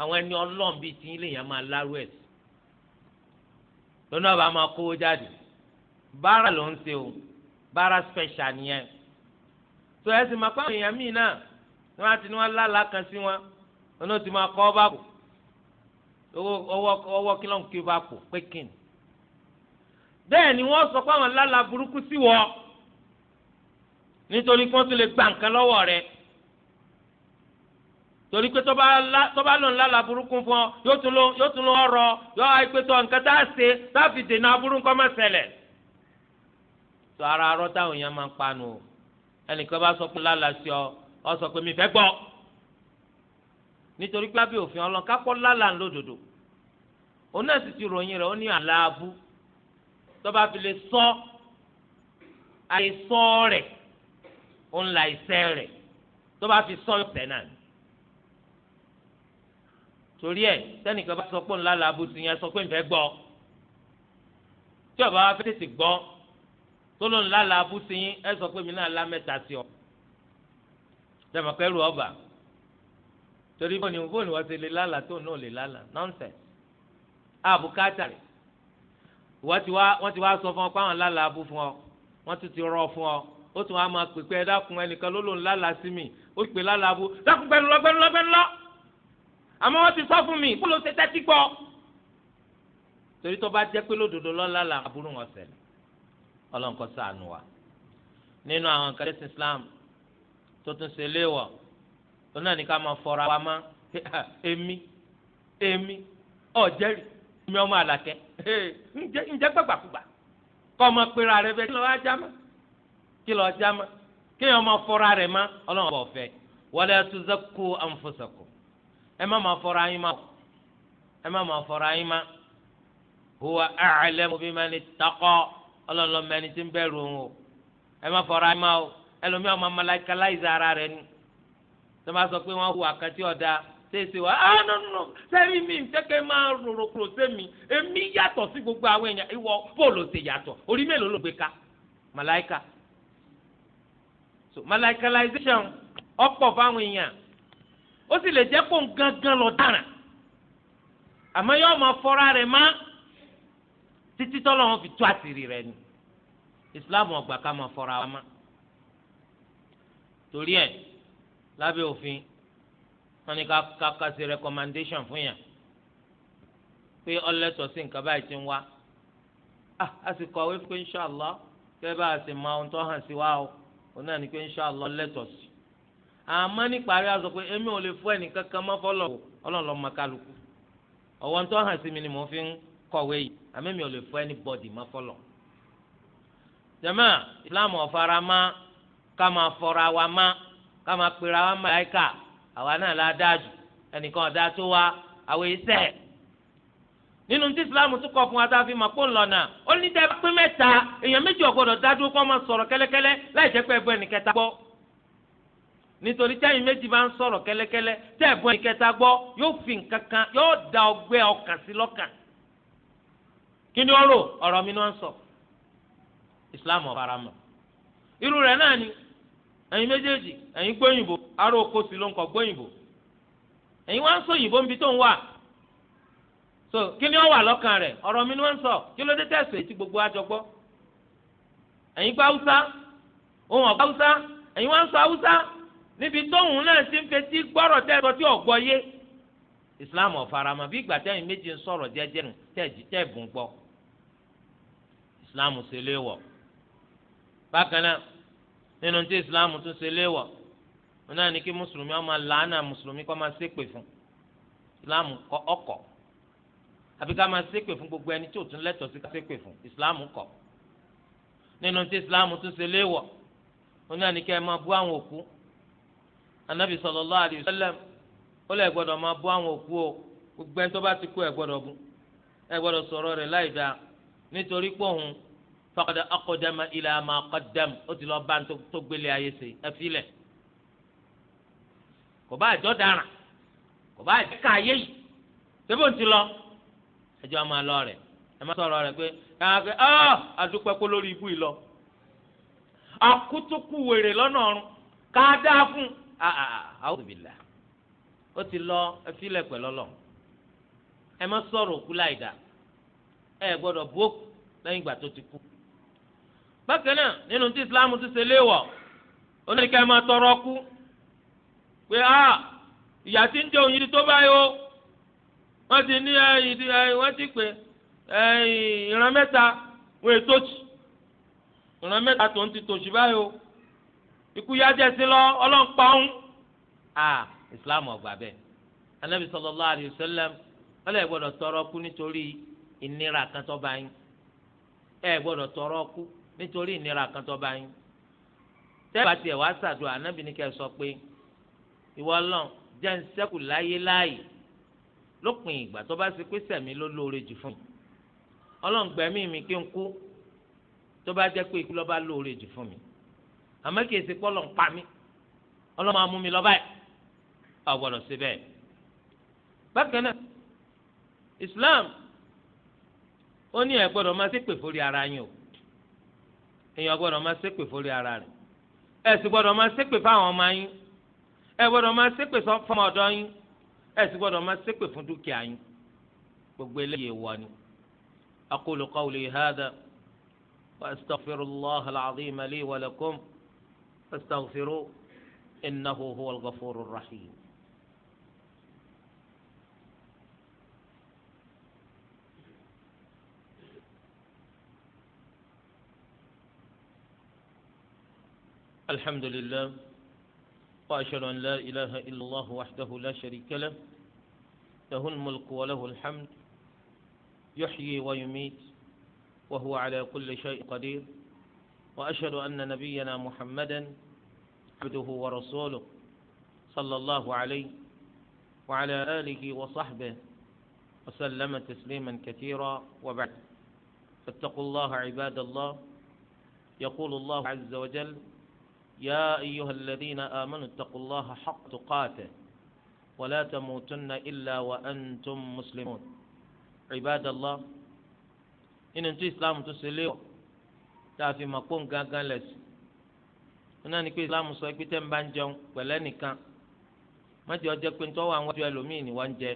àwọn ẹni ọlọ́run bíi tí ilé yẹn máa lárú ẹ̀ sí lọ́nà ọba máa kówó jáde bára ló ń ṣe o bára special nìyẹn tó ẹ sì máa pa àwọn èèyàn míì náà ní wọn ti ní wọn lálàá kan sí wọn lọ́nà ó ti máa kọ́ ọba kù ọwọ́ kílọ̀ ń kí ọba kù pé kíni bẹ́ẹ̀ ni wọ́n sọ pé àwọn lálàá burúkú sí wọ nítorí kí wọ́n tún lè gba nǹkan lọ́wọ́ rẹ̀ torí pé tọ́ba lòun la burúkú fún ọ yóò tún lọ yóò tún lọ ọrọ̀ yóò wá pé tọ́ nǹkan tá a ṣe tá a fi dènà aburú nǹkan máa ṣẹlẹ̀. tó ara arọ táwọn èèyàn máa ń panu ẹnìkan bá sọ pé lálàá sí ọ ọ sọ pé mi fẹ́ gbọ́. nítorí pé lábẹ́ òfin ọlọ́n kápọ́ lálàá ńlódodo òun náà sì ti ròyìn rẹ̀ ó ní àlàabú tọ́ba fi lè sọ àìsọ rẹ̀ òun là ìṣẹ́ rẹ̀ tọ́ba fi sọ ọ̀sẹ̀ náà torí ẹ sẹ́nìkan bá sọ pé ńlá la abusu yẹn sọ pé ń fẹ́ gbọ́ tí ọba wa fẹ́ tètè gbọ́ tó ló ńlá la abusu yín ẹ sọ pé mi náà la mẹ́ta sí ọ tẹmọkẹ́rù ọba torí bọ́ọ̀nì bọ́ọ̀nì wọ́n ti lè lálàá tó náà lè lálàá nọ́ńsẹ̀sì àbùkátà rẹ̀ wọ́n ti wá wọ́n ti wá sọ fún ọ pé àwọn lálàá abú fún ọ wọ́n ti ti rọ fún ọ ó tún wá máa pèpè ẹ dákun ẹnìkan ló lòun lálàá sí mi ó pè lálàá àmọ́ wọ́n ti sọ fún mi kó ló ṣe tẹ́tí gbọ́ torí tó bá jẹ́ pé lódodo lọ́la la aburú wọn ṣẹlẹ̀ ọlọ́run kó wa nínú àwọn nǹkan ẹ̀sìn Islam tó tún ṣe léèwọ̀ tó náà ní ká máa fọra wa mọ́ èmi èmi ọ̀jẹ̀rì mi ọmọ àlàkẹ́ ǹjẹ́ gbàgbàkúgbà kọ́ ọmọ pera rẹ bẹ́ẹ̀ kí lọ́ọ́ ajá mọ́ kí lọ́ọ́ ajá mọ́ kí ọmọ fọra rẹ mọ́ ọlọ́run ọ̀fẹ́ wala tuzakku anfusakum ẹ má ma fọrọ yín ma ẹ má ma fọra yín má huwa a'lamu biman ittaqa ọlọ́lọ́ mẹni tí ń bẹ̀rù òun o ẹ má fọrọ ma o ẹlòmíà ọmọ malaika láìsí ara rẹ ni tó bá sọ pé wọ́n hu àkàtì ọ̀dà ṣèṣe wa ah no no no sẹ́mi mi kẹ́kẹ́ máa rorokoro sẹ́mi èmi yàtọ̀ sí gbogbo àwọn èèyàn ìwọ yàtọ̀ orí ka malaika. so malaikalization ọ̀pọ̀ fáwọn èèyàn ó sì lè jẹ́ pò ń gángan lọ dáràn àmọ́ yóò máa fọ́ra rẹ̀ má títí tọ́lọ́ wọn fi tú àṣírí rẹ̀ ni Islam ò ká máa fọ́ra wa má torí ẹ̀ lábẹ́ òfin wọn ni ká ká ká ṣe recommendation fún yàn pé ọlẹ́tọ̀ sí nǹkan báyìí ti ń wá ah, a sì kọ̀wé pé inṣàlá kẹ́ bá a sì mọ ohun tó hàn sí wa o òun náà ni pé inṣàlá ọlẹ́tọ̀ sí àmọ́ a sọ pé èmi ò lè fún ẹnìkan kan mọ́ fọlọ́ ọlọ́run lọ́mọ kálukú ọ̀wọ́ ń hàn sí mi ni fi ń kọ̀wé yìí àmọ́ èmi ò lè fún ẹnìbọ̀dì mọ́ fọlọ́ jàmá islam ọ̀fara má ká máa fọra wa má ká máa wa má láìka àwa náà la ẹnìkan ọ̀dá wa àwọn iṣẹ́ nínú tí kọ fún wa tá a fi mọ̀ pé ń lọ́nà ó ní tẹ́ mẹ́ta èèyàn méjì nítorí táyì méjì bá ń sọ̀rọ̀ kẹ́lẹ́kẹ́lẹ́ tẹ́ ẹ̀bùn ẹni kẹta gbọ́ yóò fi nǹkan kan yóò da ọgbẹ́ ọkàn sí lọ́kàn kí ni ọ̀rọ̀ ọ̀rọ̀ mi ni wọ́n ń sọ Islam ọ̀faramọ̀ irú rẹ̀ náà ni ẹ̀yin méjèèjì ẹ̀yin gbóyìnbó aró oko sí ló ń kọ gbóyìnbó ẹ̀yin wá ń sọ òyìnbó níbi tó ń wà so kí ni ó wà lọ́kàn rẹ̀ ọ̀rọ̀ mi ni wọ́n ń sọ kí ló dé tẹ̀sán èyí tí gbogbo àjọ gbọ́ ẹ̀yin gbọ́ haúsá òun ọ̀gbọ́ haúsá ẹ̀yin wá ń sọ haúsá níbi tóun náà ti ń fetí gbọ́rọ̀ tẹ́tọ́ tí ọ̀gbọ́ yé islam ọ̀farama bí ìgbà tẹ́yìn méjì ń sọ̀rọ̀ jẹ́jẹ́ nù tẹ́ẹ̀jì tẹ́ẹ̀bùn gbọ́ islam ṣe léwọ̀ bákan náà nínú tí islam tún ṣe léwọ̀ wọn náà ní kí mùsùlùmí ọmọ làánà mùsùlùmí kọ́ máa ṣépè fún islam kọ ọkọ̀ àbí ká máa ṣépè fún gbogbo ẹni tí ò tún lẹ́tọ̀ọ́ sí ká ṣépè fún islam kọ nínú tí islam tún ṣe léwọ̀ wọn náà ní kí ẹ máa bú àwọn òkú anabi sallallahu alayhi wa sallam ó lè gbọ́dọ̀ máa bú àwọn òkú o gbogbo ẹni tó bá ti kú ẹ gbọ́dọ̀ bú ẹ gbọ́dọ̀ sọ̀rọ̀ rẹ̀ láì dáa nítorí pé òun faqad aqdama ila ma qaddam ó ti lọ bá ń tó gbélé ayé ṣe ẹ filẹ̀ kò bá àjọ dára kò bá àjọ ká ayé yìí sébò ti lọ ẹjọ́ máa lọ rẹ̀ ẹ má sọ̀rọ̀ rẹ̀ pé káwọn pé ọ́ àdúpẹ́ kó lórí ibú yìí lọ akutuku wèrè lọ́nà ọ̀run ká dáa fún un. àwòbìlà ah, ah, ah, o ti lọ ẹfílẹ̀ pẹ̀lú ẹ má sọ̀rọ̀ òkú láì ẹ gbọ́dọ̀ bú òkú ìgbà tó ti kú. bákan náà nínú tí ti ṣe léèwọ̀ oníkẹ́ máa tọrọ kú pé a ìyá tí ń jẹ òyìn tó báyìí o wọ́n ti ní eh, eh, wọ́n ti pè eh, ìran mẹ́ta wọ́n ètò ìran mẹ́ta tó ń ti tòṣì báyìí ikú yá jẹ́sí lọ ọlọ́run a islam ọgbà bẹ́ẹ̀ anabi sallallahu alayhi wa sallam ọlọ́ ẹ̀ gbọ́dọ̀ tọrọ kú nítorí ìnira kan tó bá yín ẹ̀ gbọ́dọ̀ tọrọ kú nítorí ìnira kan tó bá yín. tẹ́ẹ̀bà tiẹ̀ wá ṣàdúrà anabi ní kẹ́ ẹ sọ pé ìwọ ọlọ́run jẹ́ ń ṣẹ́kù láyé láàyè lópin ìgbà tó bá ṣe pé sẹ̀mí ló lóore jù fún mi ọlọ́run mi kí n kú tó bá jẹ́ pé ikú ló lóore jù fún mi àmọ́ kìí ṣe pọ́ lọ ń pa mí ọlọ́mọ amú mi lọ báyìí a ṣe bẹ́ẹ̀. bákan náà Islam ó ní ẹ gbọ́dọ̀ máa ṣépè fórí ara yín o èèyàn gbọ́dọ̀ máa ṣépè fórí ara rẹ̀ ẹ gbọ́dọ̀ máa ṣépè fáwọn ọmọ yín ẹ gbọ́dọ̀ máa ṣépè fọmọ ọ̀dọ̀ yín ẹ gbọ́dọ̀ máa ṣépè fún dúkìá yín gbogbo eléyìí wọ ni. aqulu qawli hadha wa astaghfirullaha al-azima li فاستغفروه إنه هو الغفور الرحيم الحمد لله وأشهد أن لا إله إلا الله وحده لا شريك له له الملك وله الحمد يحيي ويميت وهو على كل شيء قدير وأشهد أن نبينا محمدا عبده ورسوله صلى الله عليه وعلى آله وصحبه وسلم تسليما كثيرا وبعد فاتقوا الله عباد الله يقول الله عز وجل يا أيها الذين آمنوا اتقوا الله حق تقاته ولا تموتن إلا وأنتم مسلمون عباد الله إن أنتم إسلام تسليه tá a fi mọ̀ pé òun gángan lẹ̀sìn wọn náà ní pé islam sọ pé tẹ́ ń bá ń jẹun pẹ̀lẹ́ nìkan mọ́tì ọjọ́ pé nítorí àwọn ọjọ́ ẹlòmíì ni wọ́n ń jẹ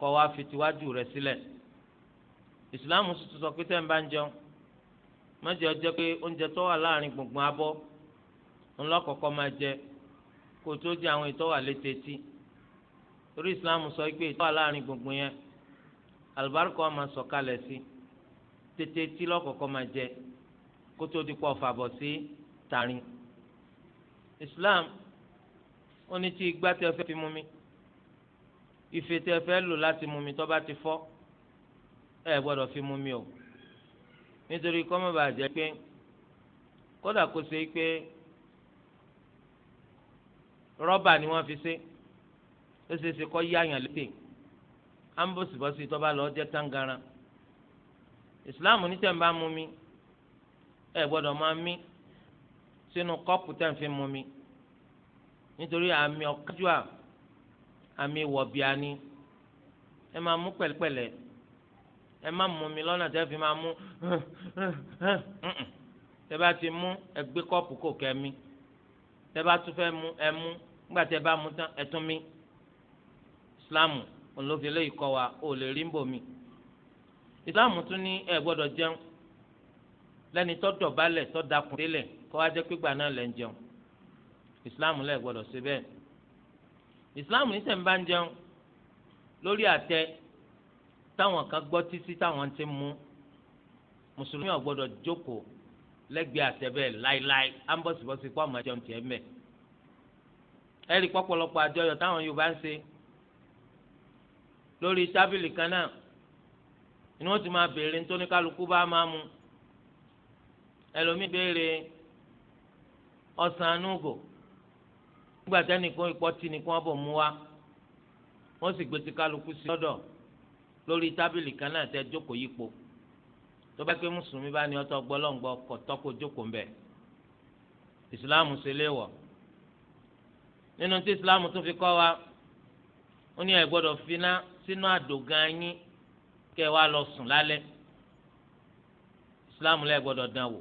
kọ́ wa fi tiwájú rẹ̀ sílẹ̀ islam tuntun sọ pé tẹ́ ń bá ń jẹun mọ́tì ọjọ́ pé oúnjẹ tó wà láàrin gbùngbùn abọ́ ńlọ́kọ̀ọ́kọ́ máa jẹ kó tó di àwọn ìtọ́wà létetí torí islam sọ pé ìtọ́wà láàrin gbùngbùn yẹn àlùbáríkà máa sọ̀kalẹ̀ sí i tètè tí lọ́kọ̀ọ́kọ́ máa jẹ kó tó di pọ̀ fàbọ̀ sí tàrin Islam ó ní tí igbá tẹ fẹ́ fi mú mi ife tẹ fẹ́ lò láti mú mi tó bá ti fọ́ ẹ gbọ́dọ̀ fi mú mi o nítorí kọ́mọ́ bàá jẹ́ pé kódà kó ṣe pé rọ́bà ni wọ́n fi ṣe ó ṣe é ṣe kọ́ yáyàn lépè ambosibosi tó bá lọ jẹ́ tangaran Islam ní tẹ̀m̀bá mu mi ẹ gbọ́dọ̀ máa mí sínú kọ́ọ̀pù tẹ̀m̀fé mu mi nítorí àmì ọ̀kájúà àmì wọ̀bìà ni ẹ máa mú pẹ̀lẹ́pẹ̀lẹ́ ẹ má mú mi lọ́nà tẹ́ fi máa mú tẹ́ bá ti mú ẹ gbé kọ́ọ̀pù kò kẹ́ mi tẹ́ bá tún fẹ́ mú ẹ mú nígbà tẹ́ bá mú tán ẹ tún mí islam òun ló fi léyìí kọ́ wa ó lè rí ń Islam tún ní ẹ gbọ́dọ̀ jẹun lẹ́ni tó dọ̀bálẹ̀ tó dakùn délẹ̀ kó wá jẹ́ pígbà náà lẹ́ ń jẹun ìsìláàmù lẹ gbọ́dọ̀ ṣe bẹ́ẹ̀ ìsìláàmù níṣẹ́ ń bá ń jẹun lórí àtẹ táwọn kan gbọ́ títí táwọn ti mú mùsùlùmí ò gbọ́dọ̀ jókòó lẹ́gbẹ̀ẹ́ àtẹ bẹ́ẹ̀ láíláí á ń bọ̀sibọ́sí kó àmọ́ jẹun tiẹ̀ mẹ́ ẹ̀rí pọ̀pọ̀lọpọ̀ àjọyọ̀ táwọn Yorùbá ń ṣe lórí tábìlì kan náà ni wọ́n ti máa béèrè nítorí kálukú bá máa mu ẹlòmíì béèrè ọ̀sán anúgò nígbà tẹ́nìkan ikọ́ tí nìkan bò mú wa wọ́n sì gbé ti kálukú sí lọ́dọ̀ lórí tábìlì kan náà tẹ́ jókòó yípo tó bá pé mùsùlùmí bá ní ọtọ gbọ́lọ́ngbọ́ kò tọ́kọ jókòó mbẹ́ ìsìláàmù ṣe léèwọ̀ nínú tí ìsìláàmù tún fi kọ́ wa ó ní ẹ̀ gbọ́dọ̀ finá sínú àdògán yín kẹ́ wa lọ sùn lálẹ́ islam lẹ gbọ́dọ̀ dán wò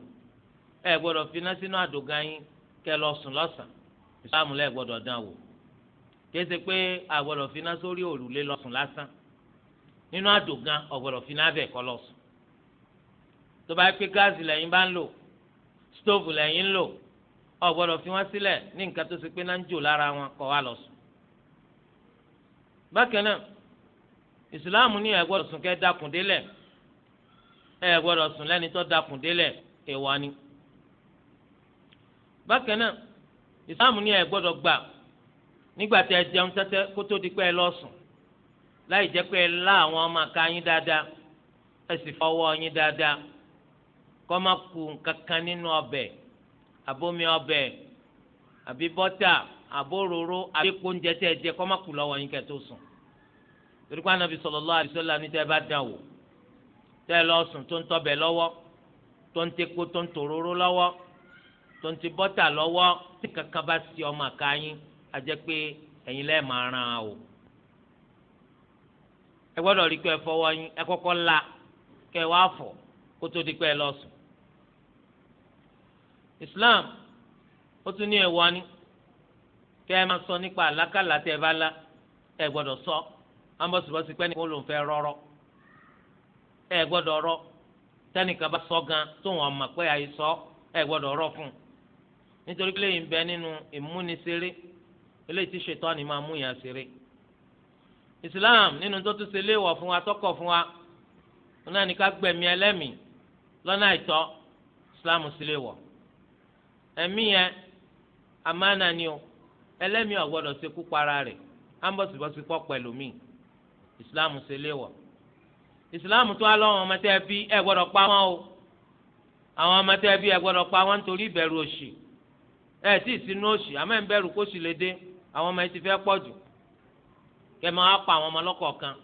ẹ gbọ́dọ̀ finá sínú àdògán yín kẹ́ lọ sùn lọ́sàn islam lẹ gbọ́dọ̀ dán wò kése pé àgbọ́dọ̀ finá sórí òrùlé lọ lásán nínú finá bẹ kọ lọ sùn tó bá pé gáàsì bá ń lò stóòfù ń lò fi wọn ní nǹkan tó ṣe pé kọ wa lọ sùn ìsìláàmù ní ẹ gbọ́dọ̀ sùn kẹ́ dákun délẹ̀ ẹ gbọ́dọ̀ sùn lẹ́ni tó dákun délẹ̀ èèwọ̀ ni. bákan náà ìsìláàmù ní ẹ gbọ́dọ̀ gbà nígbà tí ẹ jẹun tẹ́tẹ́ kó tó di pé ẹ lọ sùn láì jẹ́ pé ẹ lá àwọn ọmọ aka yín dáadáa ẹ sì fọwọ́ yín dáadáa kó má kù kankan nínú ọbẹ̀ àbómi ọbẹ̀ àbí bọ́tà àbóròró àbí kóúnjẹ tẹ́ ẹ jẹ kó má kù lọ́wọ́ yín kẹ́ tó sùn torí pé anabi sallallahu alaihi wasallam ní tẹ́ bá dàn wò tẹ́ ẹ lọ sùn tó ń tọbẹ̀ lọ́wọ́ tó ń teko tó ń tòróró lọ́wọ́ tó ń ti bọ́tà lọ́wọ́ tí kankan bá sí ọmọ àkáyín a jẹ́ pé ẹ̀yin lẹ́ẹ̀ máa ràn án o. ẹ gbọ́dọ̀ rí i pé ẹ fọwọ́ yín ẹ kọ́kọ́ la kẹ́ ẹ wá fọ̀ kó tó di pé ẹ lọ sùn. Islam ó tún ní ẹ̀wọ́ ni kẹ́ ẹ máa sọ nípa àlákàlà tẹ́ ẹ bá lá ẹ gbọ́dọ̀ sọ. So amọ̀sibọ́sí pẹ́ nìkan ló ń fẹ́ rọ́rọ́ ẹ gbọ́dọ̀ rọ́ tẹ́nìkan bá sọ gan tó wọn mọ̀ pé àyè sọ ẹ gbọ́dọ̀ rọ́ fún un nítorí pé lẹ́yìn bẹ nínú ìmúniṣeré eléyìí tí ṣètánì máa mú yàn ṣeré Islam nínú tó tún ṣe léèwọ̀ fún wa tọkọ̀ fún wa wọn náà ní ká gbẹ̀mí ẹlẹ́mìí lọ́nà àìtọ́ Islam sì léèwọ̀ ẹ̀mí yẹn amánà ni o ẹlẹ́mìí ò gbọ́dọ̀ ṣekú para rẹ̀ ambọ̀sibọ́sí pọ̀ pẹ̀lú míì islam ṣe léwọ̀ islam tó á lọ́wọ́ ọmọ tẹ́ bí ẹ gbọ́dọ̀ pa wọ́n o àwọn ọmọ tẹ́ bí ẹ gbọ́dọ̀ pa wọ́n nítorí ìbẹ̀rù òṣì ẹ tí ì sínú òṣì àmọ́ ẹ̀ ń bẹ̀rù kó sì lè dé àwọn ọmọ yìí ti fẹ́ pọ̀ jù kẹ́ máa pa àwọn ọmọ lọ́kọ̀ọ̀kan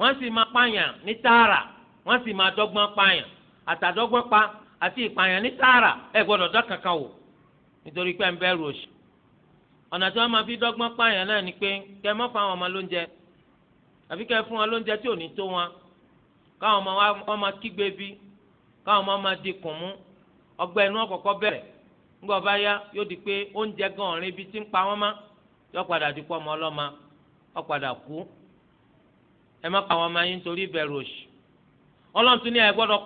wọ́n sì máa pààyàn ní tààrà wọ́n sì máa dọ́gbọ́n pààyàn àtàdọ́gbọ́n pa àti ìpààyàn ní tààrà ẹ gbọ́dọ̀ dá kankan wò nítorí pé ẹ̀ ń bẹ̀rù òṣì ọ̀nà tí wọ́n máa fi dọ́gbọ́n pààyàn náà ni pé kẹ́ mọ́ fún àwọn ọmọ lóúnjẹ àbí kẹ́ fún wọn lóúnjẹ tí ò ní tó wọn káwọn ọmọ wa wọn máa kígbe bí káwọn ọmọ máa di kùn mú ọgbẹ́ inú ọ̀kọ̀ọ̀kọ̀ bẹ̀rẹ̀ ńgbọ́ bá yá yóò di pé oúnjẹ gan ọ̀rìn ibi tí ń pa wọ́n má yọ padà di ọmọ ọlọ́mọ ọ padà kú ẹ má pa wọn ma yín torí ìbẹ̀rù òṣì ọlọ́run tún ní ẹ gbọ́dọ̀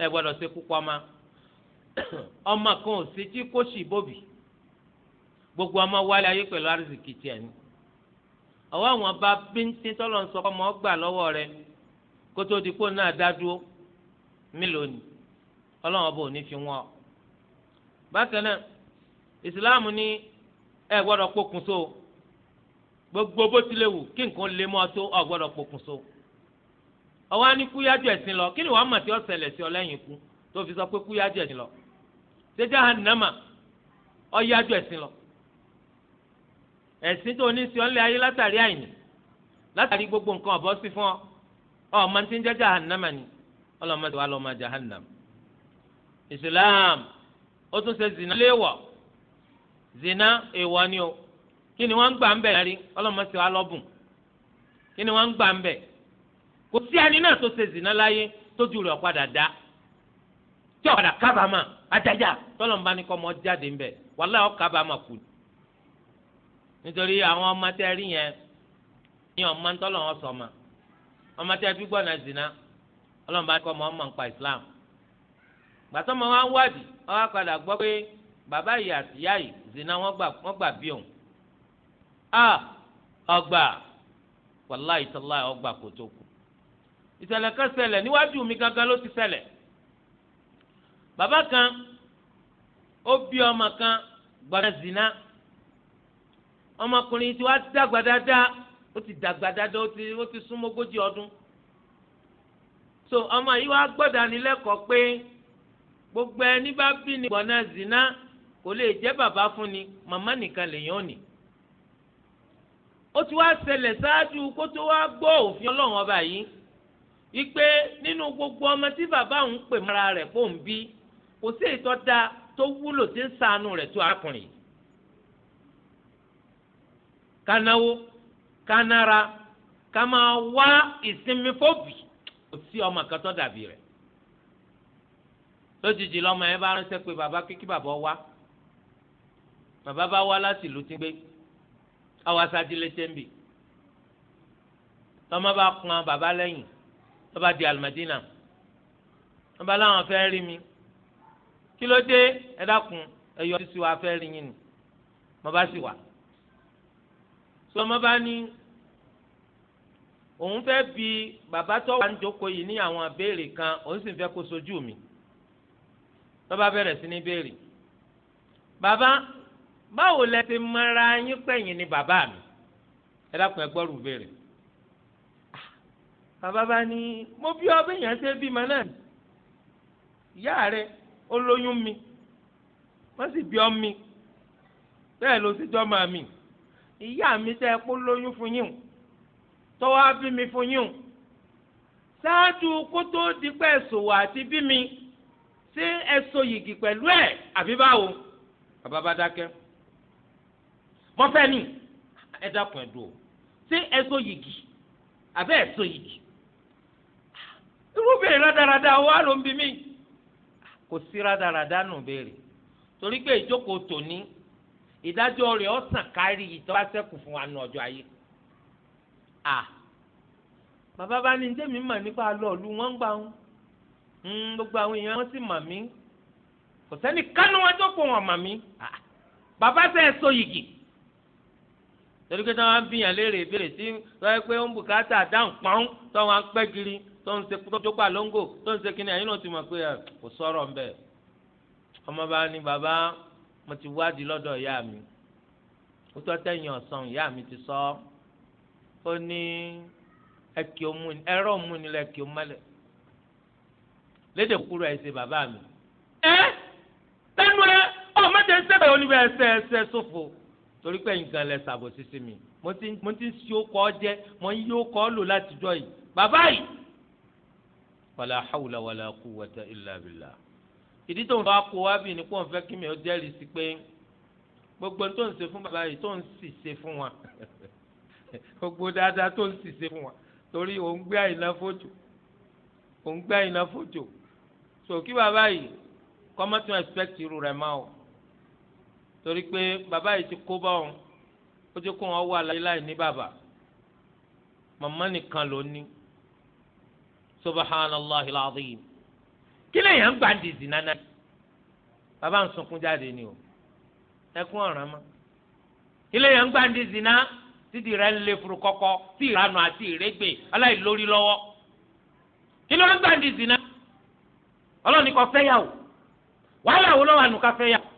pa gbogbo ọmọ wálé ayé pẹ̀lú àwọn àwọn bá bíntín tọ́lọ̀ ń sọ ọmọ ọgbà lọ́wọ́ rẹ kótó dikó náà dádúró mélòó ni ọlọ́wọ́n bò ní fi wọ́n. bákan náà ìsìláàmù ní ẹ gbọ́dọ̀ pokùn so gbogbo bó tilẹ̀ wù kí nǹkan lè mọ́ tó ọ gbọ́dọ̀ pokùn so. ọwọ́ á ní kúyájú ẹ̀sìn lọ kí ni wàá mọ̀ tí ó ṣẹlẹ̀ sí ọ lẹ́yìn ikú tó fi sọ pé kúyájú ẹ̀sìn lọ. ṣé jahannama ọ yájú ẹ̀sìn lọ. ẹ̀sìn tó ní sí ọ́nlẹ̀ ayé látàrí àìní látàrí gbogbo nǹkan ọ̀bọ sí fún ọ ọmọ tí ń jẹ́ jahannama ni tí wàá jahannam. islam ó tún ṣe zina léèwọ̀ zina èèwọ̀ ni o kí ni wọ́n ń gbà ń bẹ̀ tí kí ni wọ́n ń gbà ń bẹ̀ kò sí ẹni náà tó ṣe zina láyé nítorí àwọn ọmọ tẹ́ rí yẹn ní ọmọ ntọ́lọ̀ wọn sọ ma ọmọ tẹ́ fi gbọ́nà zina ọlọ́mọba kọ́ ọmọ ọmọ nǹkan Islam gbàtọ́ ma wá wádìí ọwọ́ padà gbọ́ pé bàbá yìí ìyá yìí zina wọ́n gbà bí òun a ọgbà wàláì tọ́lá ọgbà kò tó kù ìṣẹ̀lẹ̀ kan ṣẹlẹ̀ níwájú mi gangan ló ti ṣẹlẹ̀ bàbá kan ó bí ọmọ kan gbọ́dọ̀ zina ọmọkùnrin tí wàá dàgbà dáadáa ó ti dàgbà dáadáa ó ti ó ti súnmọ́ ogójì ọdún so ọmọ yìí wàá gbọ́dọ̀ ànilẹ́kọ̀ọ́ pé gbogbo ẹni bá bí ní gbọ̀nà zina kò lè jẹ́ bàbá fún ni màmá nìkan lèèyàn ni ó ti wá ṣẹlẹ̀ ṣáájú kó tó wá gbọ́ òfin ọlọ́run ọba yìí wípé nínú gbogbo ọmọ tí bàbá òun pè mọ́ra rẹ̀ fóun bí kò sí ìtọ́ da tó wúlò tí ń ṣàánú rẹ̀ tó arákùnrin yìí kánáwó kanara, kama máa wá ìsinmi fóbì kò sí ọmọ kan tó dàbí rẹ̀ lójijì lọmọ yẹn bá ránṣẹ́ pé bàbá kíkí bàbá wá bàbá bá wá láti ìlú tí ń gbé àwọn aṣáájúlé tẹ́ ń bì lọ́mọ bá pọn bàbá lẹ́yìn lọ́ba di alimadina lọ́ba láwọn fẹ́ rí mi kí ló dé ẹ dákun ẹ yọ ọ́ sísú wa fẹ́ rí yín ni mo bá sì wà tí ọmọ bá ní òun fẹ́ bi bàbá tó wà ń jókòó yìí ní àwọn abéèrè kan òun sì fẹ́ kó sojú mi tó bẹ̀rẹ̀ sí ní béèrè bàbá báwo lẹ ti mọra yín pẹ̀yìn ni bàbá mi ẹ dákun ẹ gbọ́rù béèrè ah, bàbá bá ní mo bí ọ bẹ́yìn àti ẹbí mọ náà ìyá rẹ ó mi wọ́n sì bí ọ mi bẹ́ẹ̀ ló sì jọ́ máa mi ìyá mi tẹ́ ẹ kó lóyún fún yín tọ́wọ́ á bí mi fún yín ṣáájú kó tó di pé ẹ̀sòwò àti bí mi ṣé ẹ̀sọ yìgì pẹ̀lú ẹ̀ àbí báwo bàbá bá dákẹ́ mọ́fẹ́ ni ẹ dákun ẹ̀ dùn o ṣé ẹ̀sọ yìgì àbẹ́ ẹ̀sọ yìgì irúbìnrin rádaràda wa ló ń bí mi kò sí rádaràda nù béèrè torí pé ìjókòó tòní ìdájọ́ rẹ̀ ọ̀sán kárí ìtọ́ba sẹ́kù fún wa ní ọjọ́ ayé. à bàbá bá ní tẹ́mi mà nípa lọ́ọ̀lù wọ́n ń gbà ń hmm, gbogbo àwọn èèyàn wọ́n sì mà mí kò sẹ́ni kánú wọn tó kó wọn mà mí. bàbá sẹ́ ẹ sọ yìgì torí pé táwọn abìyàn léèrè ìbéèrè sí lọ́wọ́ pé ó ń bùkátà dáhùn pọ́n tó wọn pẹ́ kiri tó ń ṣe tó gbà lóńgò tó ń ṣe kíni ẹ̀yin ti mọ̀ pé kò sọ̀rọ̀ ń bẹ̀ ọmọ bá ní bàbá mo ti wádìí lọ́dọ̀ ìyá mi ó tọ́ tẹ̀yìn ọ̀sán ìyá mi ti sọ ó ní ẹkì omu ẹrọ omu lẹ ẹkì omalẹ lédè kúrò ẹsẹ bàbá mi. ẹ lẹnu ẹ ọmọ tẹ ẹsẹ bẹ́ẹ̀ oníbẹ ẹsẹ ẹsẹ ṣòfò torí pé nǹkan lẹ ṣàbò sísè mi mo ti ń si okọ jẹ mo ń yí okọ lò látijọ́ yìí bàbá yìí. wàlá hàwùlà wàlá kú wàtá ìlà bìlà ìdí tó ń bá kó wá bì ní kó ń fẹ́ kí mi ó jẹ́rìí sí pé gbogbo tó ń ṣe fún bàbá yìí tó ń sì ṣe fún wa gbogbo dáadáa tó ń sì ṣe fún wa torí òun gbé àyìnlá fòjò òun gbé àyìnlá fòjò so kí bàbá yìí kọ́mọ́ tún expect irú rẹ̀ máa o torí pé bàbá yìí ti kó bá òun ó ti kó wọn wà láyé láì ní bàbá màmá nìkan ló ní subhanallahil azim kí lèèyàn ń gbà ń dìzì nánà bàbá ń sunkún jáde ni o ẹkún ọ̀ràn mọ́ kí zina ń gbà ń dìzì ná títí rẹ̀ ń lé furu kọ́kọ́ tí ìranù àti ìrégbè aláìlórí lọ́wọ́ kí ló ń gbà ń dìzì ná ọlọ́ni kò fẹ́ yàwó wàhálà wo lọ́wọ́ ànú ká fẹ́ yàwó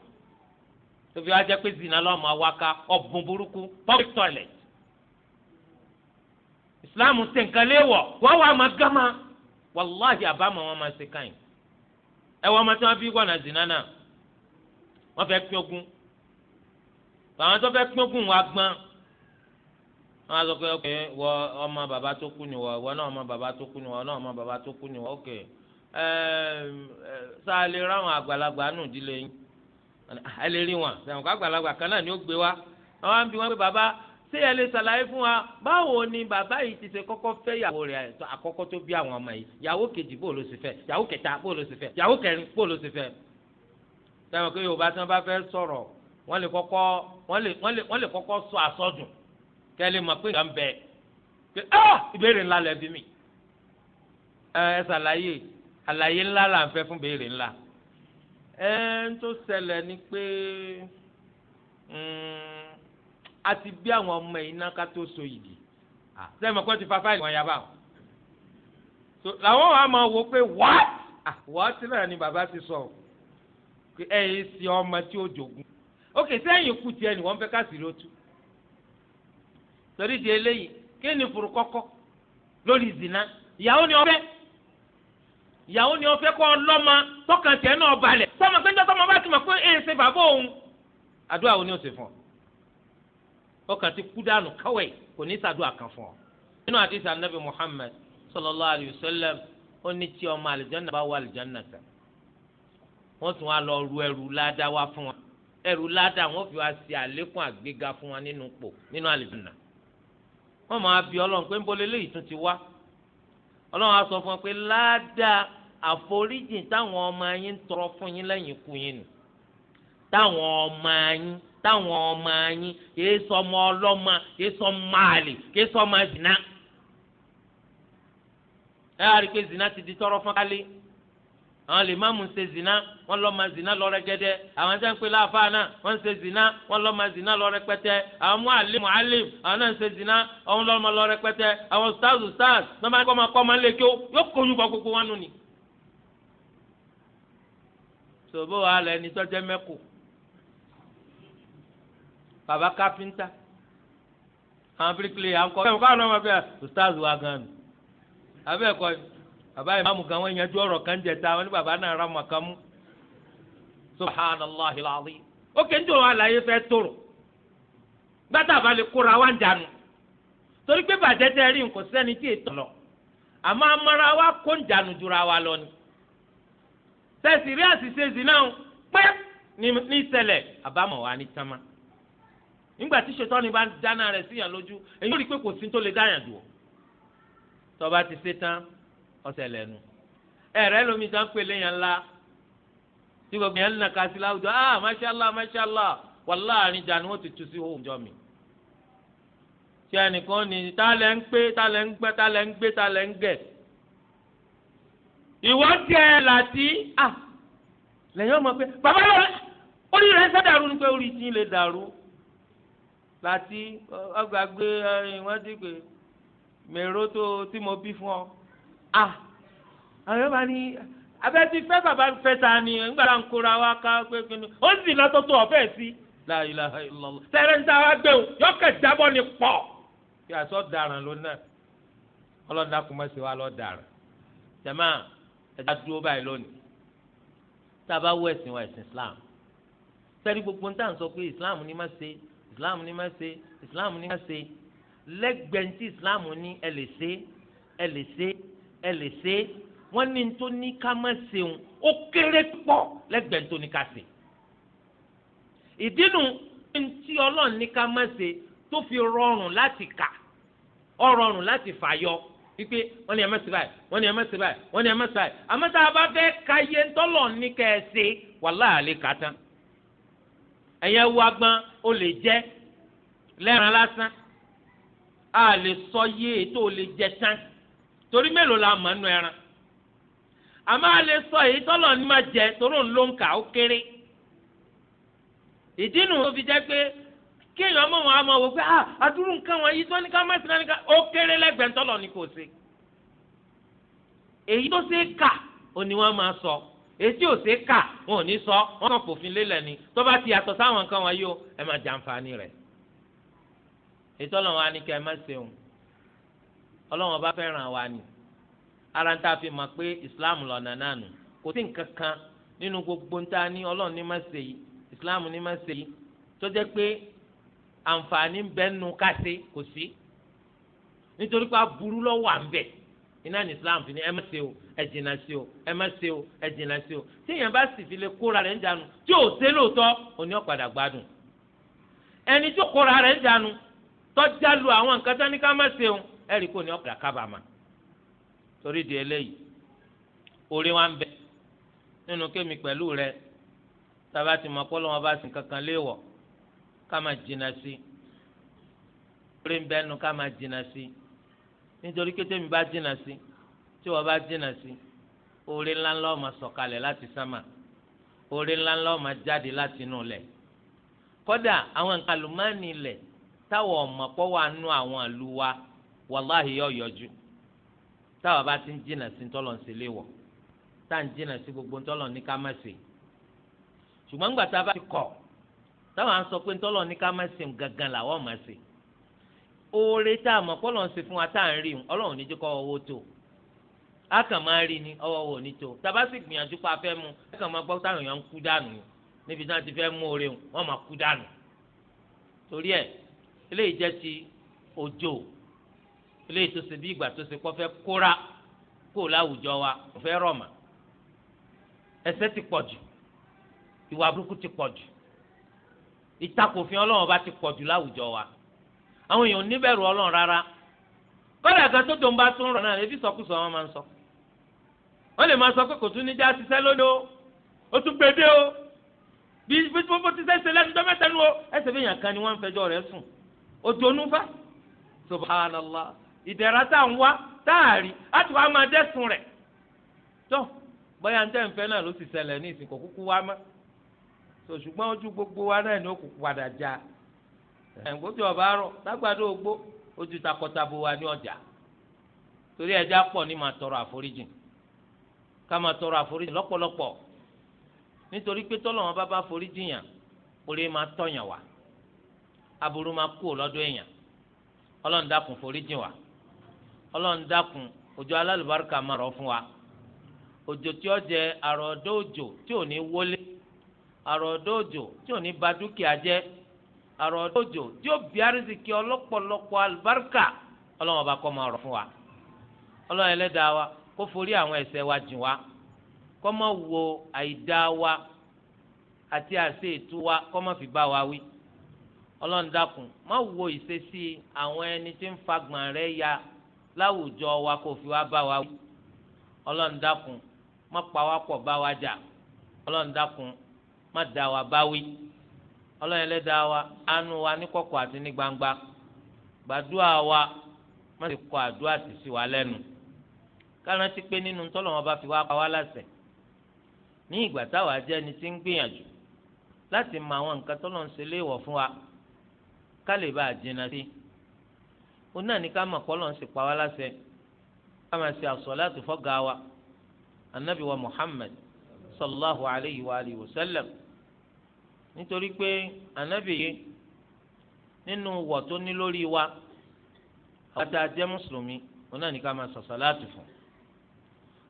tóbi wá jẹ́ pé zina lọ́mọ awaka ọ̀bùn burúkú public toilet islam ṣe nǹkan léèwọ̀ wọ́n wà má gámà wàláhì àbámọ̀ wọn máa ṣe káyìn ẹ wọ́n ọmọ tí wọ́n fi wọ̀nà zina náà wọ́n fẹ́ pín ogún àwọn tó fẹ́ pín ogún wa gbọ́n wọ́n á sọ pé ok wọ ọmọ bàbá tó kú ni wọ ìwọ náà ọmọ bàbá tó kú ni wọ náà ọmọ bàbá tó kú ni wọ ok ẹ ẹ sáà lè ráwọn àgbàlagbà nù dílé yín ẹ lè rí wọn sẹ̀wọ̀n kó àgbàlagbà kan náà ni ó gbé wa wọ́n á ń wọn pé bàbá ṣé ẹ lè ṣàlàyé fún wa báwo ni bàbá yìí ti ṣe kọ́kọ́ fẹ́ ìyàwó rẹ̀ àkọ́kọ́ tó bí àwọn ọmọ yìí ìyàwó kejì bó ló sì fẹ́ ìyàwó kẹta bó ló sì fẹ́ ìyàwó kẹrin bó ló sì fẹ́. sẹ́wọ̀n pé yorùbá tí wọ́n bá fẹ́ sọ̀rọ̀ wọ́n lè kọ́kọ́ wọ́n sọ àsọdùn kẹ́ lè mọ̀ pé nǹkan pé ah! ìbéèrè ńlá lẹ mi. ẹ ṣàlàyé àlàyé ńlá là ń fẹ́ fún béèrè ńlá. ẹ ń tó ṣẹlẹ̀ ni pé mm, a ti bí àwọn ọmọ yìí náà ká tó so yìí sẹ́yìn mọ̀ pé ti fa fáìlì wọn yaba so làwọn wa máa wo pé what ah what náà ni bàbá ti sọ pé ẹ yìí sí ọmọ tí ó jogun ok sẹ́yìn kù tiẹ̀ ni wọ́n fẹ́ ká sí lótú torí di eléyìí kí ni furu kọ́kọ́ lórí zina ìyàwó ni ọfẹ́ ìyàwó ni ọfẹ́ kọ́ ọlọ́mọ tọkàn tiẹ̀ náà balẹ̀ sọmọ pé ń jọ́ sọmọ bá ti mọ̀ pé èèṣe bàbá òun àdúrà wo ni ó ṣe fún ọ ọkàn ti kú dànù káwẹ̀ kò ní ṣàdúrà kan fún ọ. nínú àdìsí muhammed sallallahu alayhi wa sallam ó ní tí ọmọ àlìjánná bá wà àlìjánná tán wọ́n tún wá lọ ru ẹrù ládá wá fún wa ẹrù ládá wọ́n fi wá sí àlékún àgbéga fún wa nínú pò nínú àlìjánná wọ́n máa bí ọlọ́run pé ń bolè léyìí tún ti wá ọlọ́run á sọ fún wa pé ládá àforíjì táwọn ọmọ yín tọrọ fún yín lẹ́yìn ikú yín táwọn ọmọ yín táwọn ọmọ yín kìí sọmọ ọlọ́mọ kìí sọmọ àlè kìí sọmọ zina ẹ á rí i pé zina ti di tọrọ fún kálí àwọn lè má mú ṣe zina wọn lọ ma zina lọ rẹgẹdẹ àwọn sẹ ń pè láàfáà náà wọn ṣe zina wọn lọ ma zina lọ rẹpẹtẹ àwọn mú alim alim àwọn náà ṣe zina wọn lọ ma lọ rẹpẹtẹ àwọn stars stars náà máa kọ́ ma kọ́ ma lé kí ó yóò kóyún bọ gbogbo wọn nù ni. sòbó wa lẹ ní tọ́jẹ́ mẹ́kù Baba káfíńtà àwọn píríkìlì àkọ́ bẹ́ẹ̀ káwọn ọmọ bẹ́ẹ̀ ustaz wa gan ni abẹ́ ẹ̀kọ́ bàbá ìmáàmù kan wọ́n yanjú ọ̀rọ̀ kan jẹ ta wọn ní bàbá náà ra kan mú subhanallahi alazim ó kéńtò wọn àlàyé fẹ́ tòrò torí pé bàjẹ́ rí nǹkan sẹ́ni tí ètò lọ àmọ́ amara wa lọ ni náà pẹ́ ní nígbà tí ṣètọ́ni bá dáná rẹ̀ síyàn lójú èyí rí i pé kò sí tó lè dáyàn dùn tọba ti ṣe tán ọsẹ lẹnu ẹrẹ lomi tán pèlè yẹn ńlá tí gbogbo yẹn ń nàka sí láwùjọ ah mashala mashala wàlá àrùn ìjà ni wọn ti tu sí òun jọ mi tí ẹnìkan ní ta lẹ ń pé ta lẹ ń gbẹ ta lẹ ń gbé ta lẹ ń gẹ ìwọ jẹ láti ah lẹ́yìn ọmọ pé bàbá yọ orí rẹ sẹ dàrú ni pé orí tí ń lè dàrú láti ọgbàgbé wọn ti pè mèrò tó tí mo bí fún ọ à àwọn yóò bá ní abẹ́ ti fẹ́ bàbá fẹ́ ta ni ńgbà tá à ń kóra wa ká pé kí ni ó sì lọ́tọ́ tó ọ̀fẹ́ sí la ilaha illallah ń ta wá gbé o yọ kẹ̀ jábọ́ ni pọ̀ kí aṣọ daràn ló náà ọlọ́dà kò má ṣe wá lọ́ọ́ daràn jama ẹja dúró báyìí lónìí tá a bá wọ ẹ̀sìn wa ẹ̀sìn Islam sẹ́ni gbogbo ń tà ń sọ pé Islam ni má ṣe islam ní má ṣe islam ní má ṣe lẹ́gbẹ̀ntì islam ní ẹ lè ṣe ẹ lè ṣe ẹ lè ṣe wọ́n ní tó ní ká má ṣeun ó kéré pọ̀ lẹ́gbẹ̀ntì ní ká ṣe. ìdínú tí ọlọ́run ní ká má ṣe tó fi rọrùn láti kà ọ rọrùn láti fàyọ wípé wọ́n ní ẹ má ṣe báyìí wọ́n ní ẹ má ṣe báyìí wọ́n ní ẹ má ṣe báyìí àmọ́ tá a bá fẹ́ ka iye ńtọ́lọ̀ ní kẹ́ ẹ ṣe wàhálà àlè kàtán. ẹyẹ wá gbọ́n lè jẹ lẹ́ran lásán a lè sọ yé ètò e o lè jẹ tán torí mélòó la mọ̀ nù ẹran a ma lè sọ èyí tọ́lọ̀ ní máa jẹ torí ló ń kà ó kéré ìdí nu tó fi pé kéèyàn mọ̀ wọn a mọ̀ wò pé àdúrú ah, nǹkan wọn yìí ní ká má sí náà ní ká ó kéré lẹ́gbẹ̀ẹ́ ní So etí òsè kà wọn ò ní sọ wọn kàn fòfin lélẹ̀ ni tó bá ti yàtọ̀ sáwọn nǹkan wọn yóò ẹ máa jàǹfààní rẹ̀ ètò ọlọ́wọ́n á ní kí ẹ má ṣeun ọlọ́wọ́n bá fẹ́ràn wa ni ara ń tá a fi mọ̀ pé islam lọ́nà náà nù kò sí nǹkan kan nínú gbogbo ńta ní ọlọ́run ní má ṣe yìí islam ní má ṣe yìí tó jẹ́ pé àǹfààní bẹ́nu káṣe kò sí nítorí pé aburú lọ́wọ́ à ń bẹ̀ iná ní islam fi ní ẹ má ṣe ẹ jìnnà sí o ẹ má ṣe o ẹ jìnnà sí o tí èèyàn bá sì fi lè kóra rẹ̀ ń dànù tí ò ṣe lóòótọ́ òní ọ̀padà gbádùn ẹni tó kóra rẹ̀ ń dànù tọ́já lu àwọn nǹkan tó ní ká má ṣe o ẹ rí kò ní ọ̀padà kábàámà torí di eléyìí orí wa ń bẹ nínú kémi pẹ̀lú rẹ tába ti mọ pọ́lọ́ wọn bá sìn kankan léèwọ̀ ká má jìnnà sí orí ń bẹ́nu ká má jìnnà sí nítorí kété mi bá jìnnà sí. Si tí wọ́n bá dínà sí oore ńláńlá ọmọ sọ̀kalẹ̀ láti sámà oore ńláńlá ọmọ jáde láti inú lẹ̀ kódà àwọn nǹkan àlùmọ́ọ́nì lẹ̀ ọmọ pọ̀ wà nú àwọn ìlú wa wàláhì yóò yọjú táwọn bá ti ń jìnà sí tọ́lọ̀ ń ṣẹlẹ̀ wọ̀ tá à ń jìnà sí gbogbo tọ́lọ̀ ní ká má ṣe ṣùgbọ́n nígbà tá a bá ti kọ̀ táwọn à ń sọ pé tọ́lọ̀ ní ká má ṣe gangan làwọn má ṣe oore tá a mọ̀ pọ́lọ̀ ń ṣe fún wa tá à ń rí ọlọ́run níjẹ́ kọ́ owó tó o a kàn máa rí ni ọwọ́ wò ní tó tàbá sì gbìyànjú pa fẹ́ mu a kàn máa gbọ́ táwọn èèyàn ń kú dànù níbi tí wọ́n ti fẹ́ mú oore wọn máa kú dànù torí ẹ̀ eléyìí jẹ́ ti òjò eléyìí tó ṣe bí ìgbà tó ṣe kọ́ fẹ́ kóra kó láwùjọ wa kò fẹ́ rọ̀ mà ẹ̀ṣẹ̀ ti pọ̀ jù ìwà burúkú ti pọ̀ jù ìtakòfin ọlọ́run bá ti pọ̀ jù láwùjọ wa àwọn èèyàn níbẹ̀rù ọlọ́run rárá kọ́dà kan tó tó ń bá tó ń rọ̀ náà ebi sọkúsọ wọn máa ń sọ. So wọ́n lè máa sọ pé kò tún níjà ṣiṣẹ́ lónìí o ó tún gbèdé o bí bó ti sẹ́sẹ̀ lẹ́nu tó nu o ẹsẹ̀ fi yàn kan ni wọ́n ń fẹjọ́ rẹ̀ sùn òjò nufa subhanallah ìdẹ̀ra tá à ń wá táàrí á ti wá máa dẹ́sùn rẹ̀ tó bóyá ń náà ló ṣẹlẹ̀ ní kúkú gbogbo wa náà ni ó kú padà já rọ̀ lágbàdo ògbó ojú takọtabo wa ní ọjà torí ẹja pọ̀ ní màá Kama máa tọrọ àforíjì lọ́pọ̀lọpọ̀ nítorí pé tọ́lọ́wọ́n bá bá foríjì yàn orí máa tọ̀yàn wá aburú máa kú lọ́dọ̀ èèyàn ọlọ́run dákun foríjì wá ọlọ́run dákun òjò alálùbáríkà máa rọ̀ fún wa òjò tí ó jẹ àròdó òjò tí ò ní wọlé àròdó òjò tí ò ní ba dúkìá jẹ àròdó òjò tí ó bí arísìkí ọlọ́pọ̀lọpọ̀ alùbáríkà ọlọ́run ọba kó máa rọ̀ fún wa ọlọ́run ẹlẹ́dàá wa kó forí àwọn ẹ̀ṣẹ̀ wa jìn wá kó má wo àìdá wa àti àṣẹ ètò wa kó má fi bá wa wí ọlọ́run dákun má wo ìṣesí àwọn ẹni tí ń fagbọ̀n rẹ̀ ya láwùjọ wa kó fi wá bá wa wí ọlọ́run dákun má pa wá pọ̀ bá wa jà ọlọ́run dákun má dá wa bá wí ọlọ́run ẹlẹ́dàá wa àánú wa ní kọ̀kọ̀ àti ní gbangba gbàdúrà wa má sì kọ̀ àdúrà sì sí wa lẹ́nu kárántí pé nínú tọ́lọ́wọ́n bá fi wá pa wá láṣẹ ní ìgbà táwa jẹ́ ẹni tí ń gbìyànjú láti mọ àwọn nǹkan tọ́lọ́ ń ṣe léèwọ̀ fún wa ká lè bá a jìnnà sí òun náà ní ká mọ̀ pọ́lọ́ ń sì pa wá láṣẹ ká máa ṣe àsọ̀láàtù fọ́gà wa anabi wa Muhammad sallallahu alayhi wa alayhi wa sallam nítorí pé anabi yìí nínú wọ̀ tó ní lórí wa àwọn tá a jẹ́ mùsùlùmí òun náà ní ká máa ṣe àsọ̀láàtù fún un.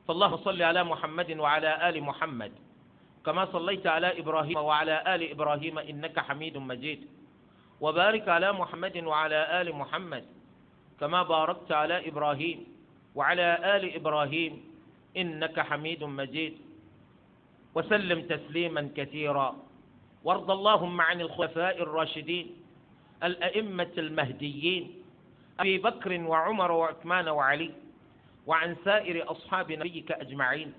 فالله صل على محمد وعلى آل محمد كما صليت على إبراهيم وعلى آل إبراهيم إنك حميد مجيد وبارك على محمد وعلى آل محمد كما باركت على إبراهيم وعلى آل إبراهيم إنك حميد مجيد وسلم تسليما كثيرا وارض اللهم عن الخلفاء الراشدين الأئمة المهديين أبي بكر وعمر وعثمان وعلي وعن سائر أصحاب نبيك أجمعين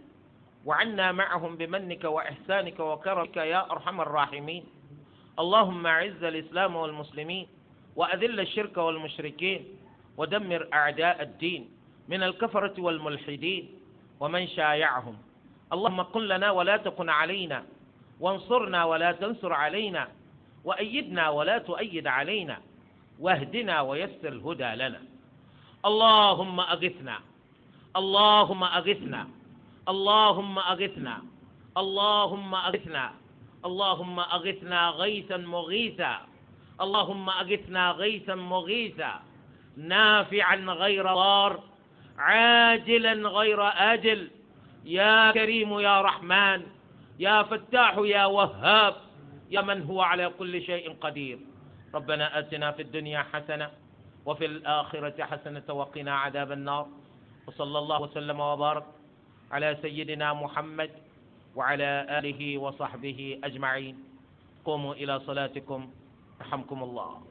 وعنا معهم بمنك وإحسانك وكرمك يا أرحم الراحمين اللهم أعز الإسلام والمسلمين وأذل الشرك والمشركين ودمر أعداء الدين من الكفرة والملحدين ومن شايعهم اللهم قل لنا ولا تكن علينا وانصرنا ولا تنصر علينا وأيدنا ولا تؤيد علينا واهدنا ويسر الهدى لنا اللهم أغثنا اللهم أغثنا اللهم أغثنا اللهم أغثنا اللهم أغثنا غيثا مغيثا اللهم أغثنا غيثا مغيثا نافعا غير ضار عاجلا غير آجل يا كريم يا رحمن يا فتاح يا وهاب يا من هو على كل شيء قدير ربنا آتنا في الدنيا حسنة وفي الآخرة حسنة وقنا عذاب النار وصلى الله وسلم وبارك على سيدنا محمد وعلى آله وصحبه أجمعين قوموا إلى صلاتكم رحمكم الله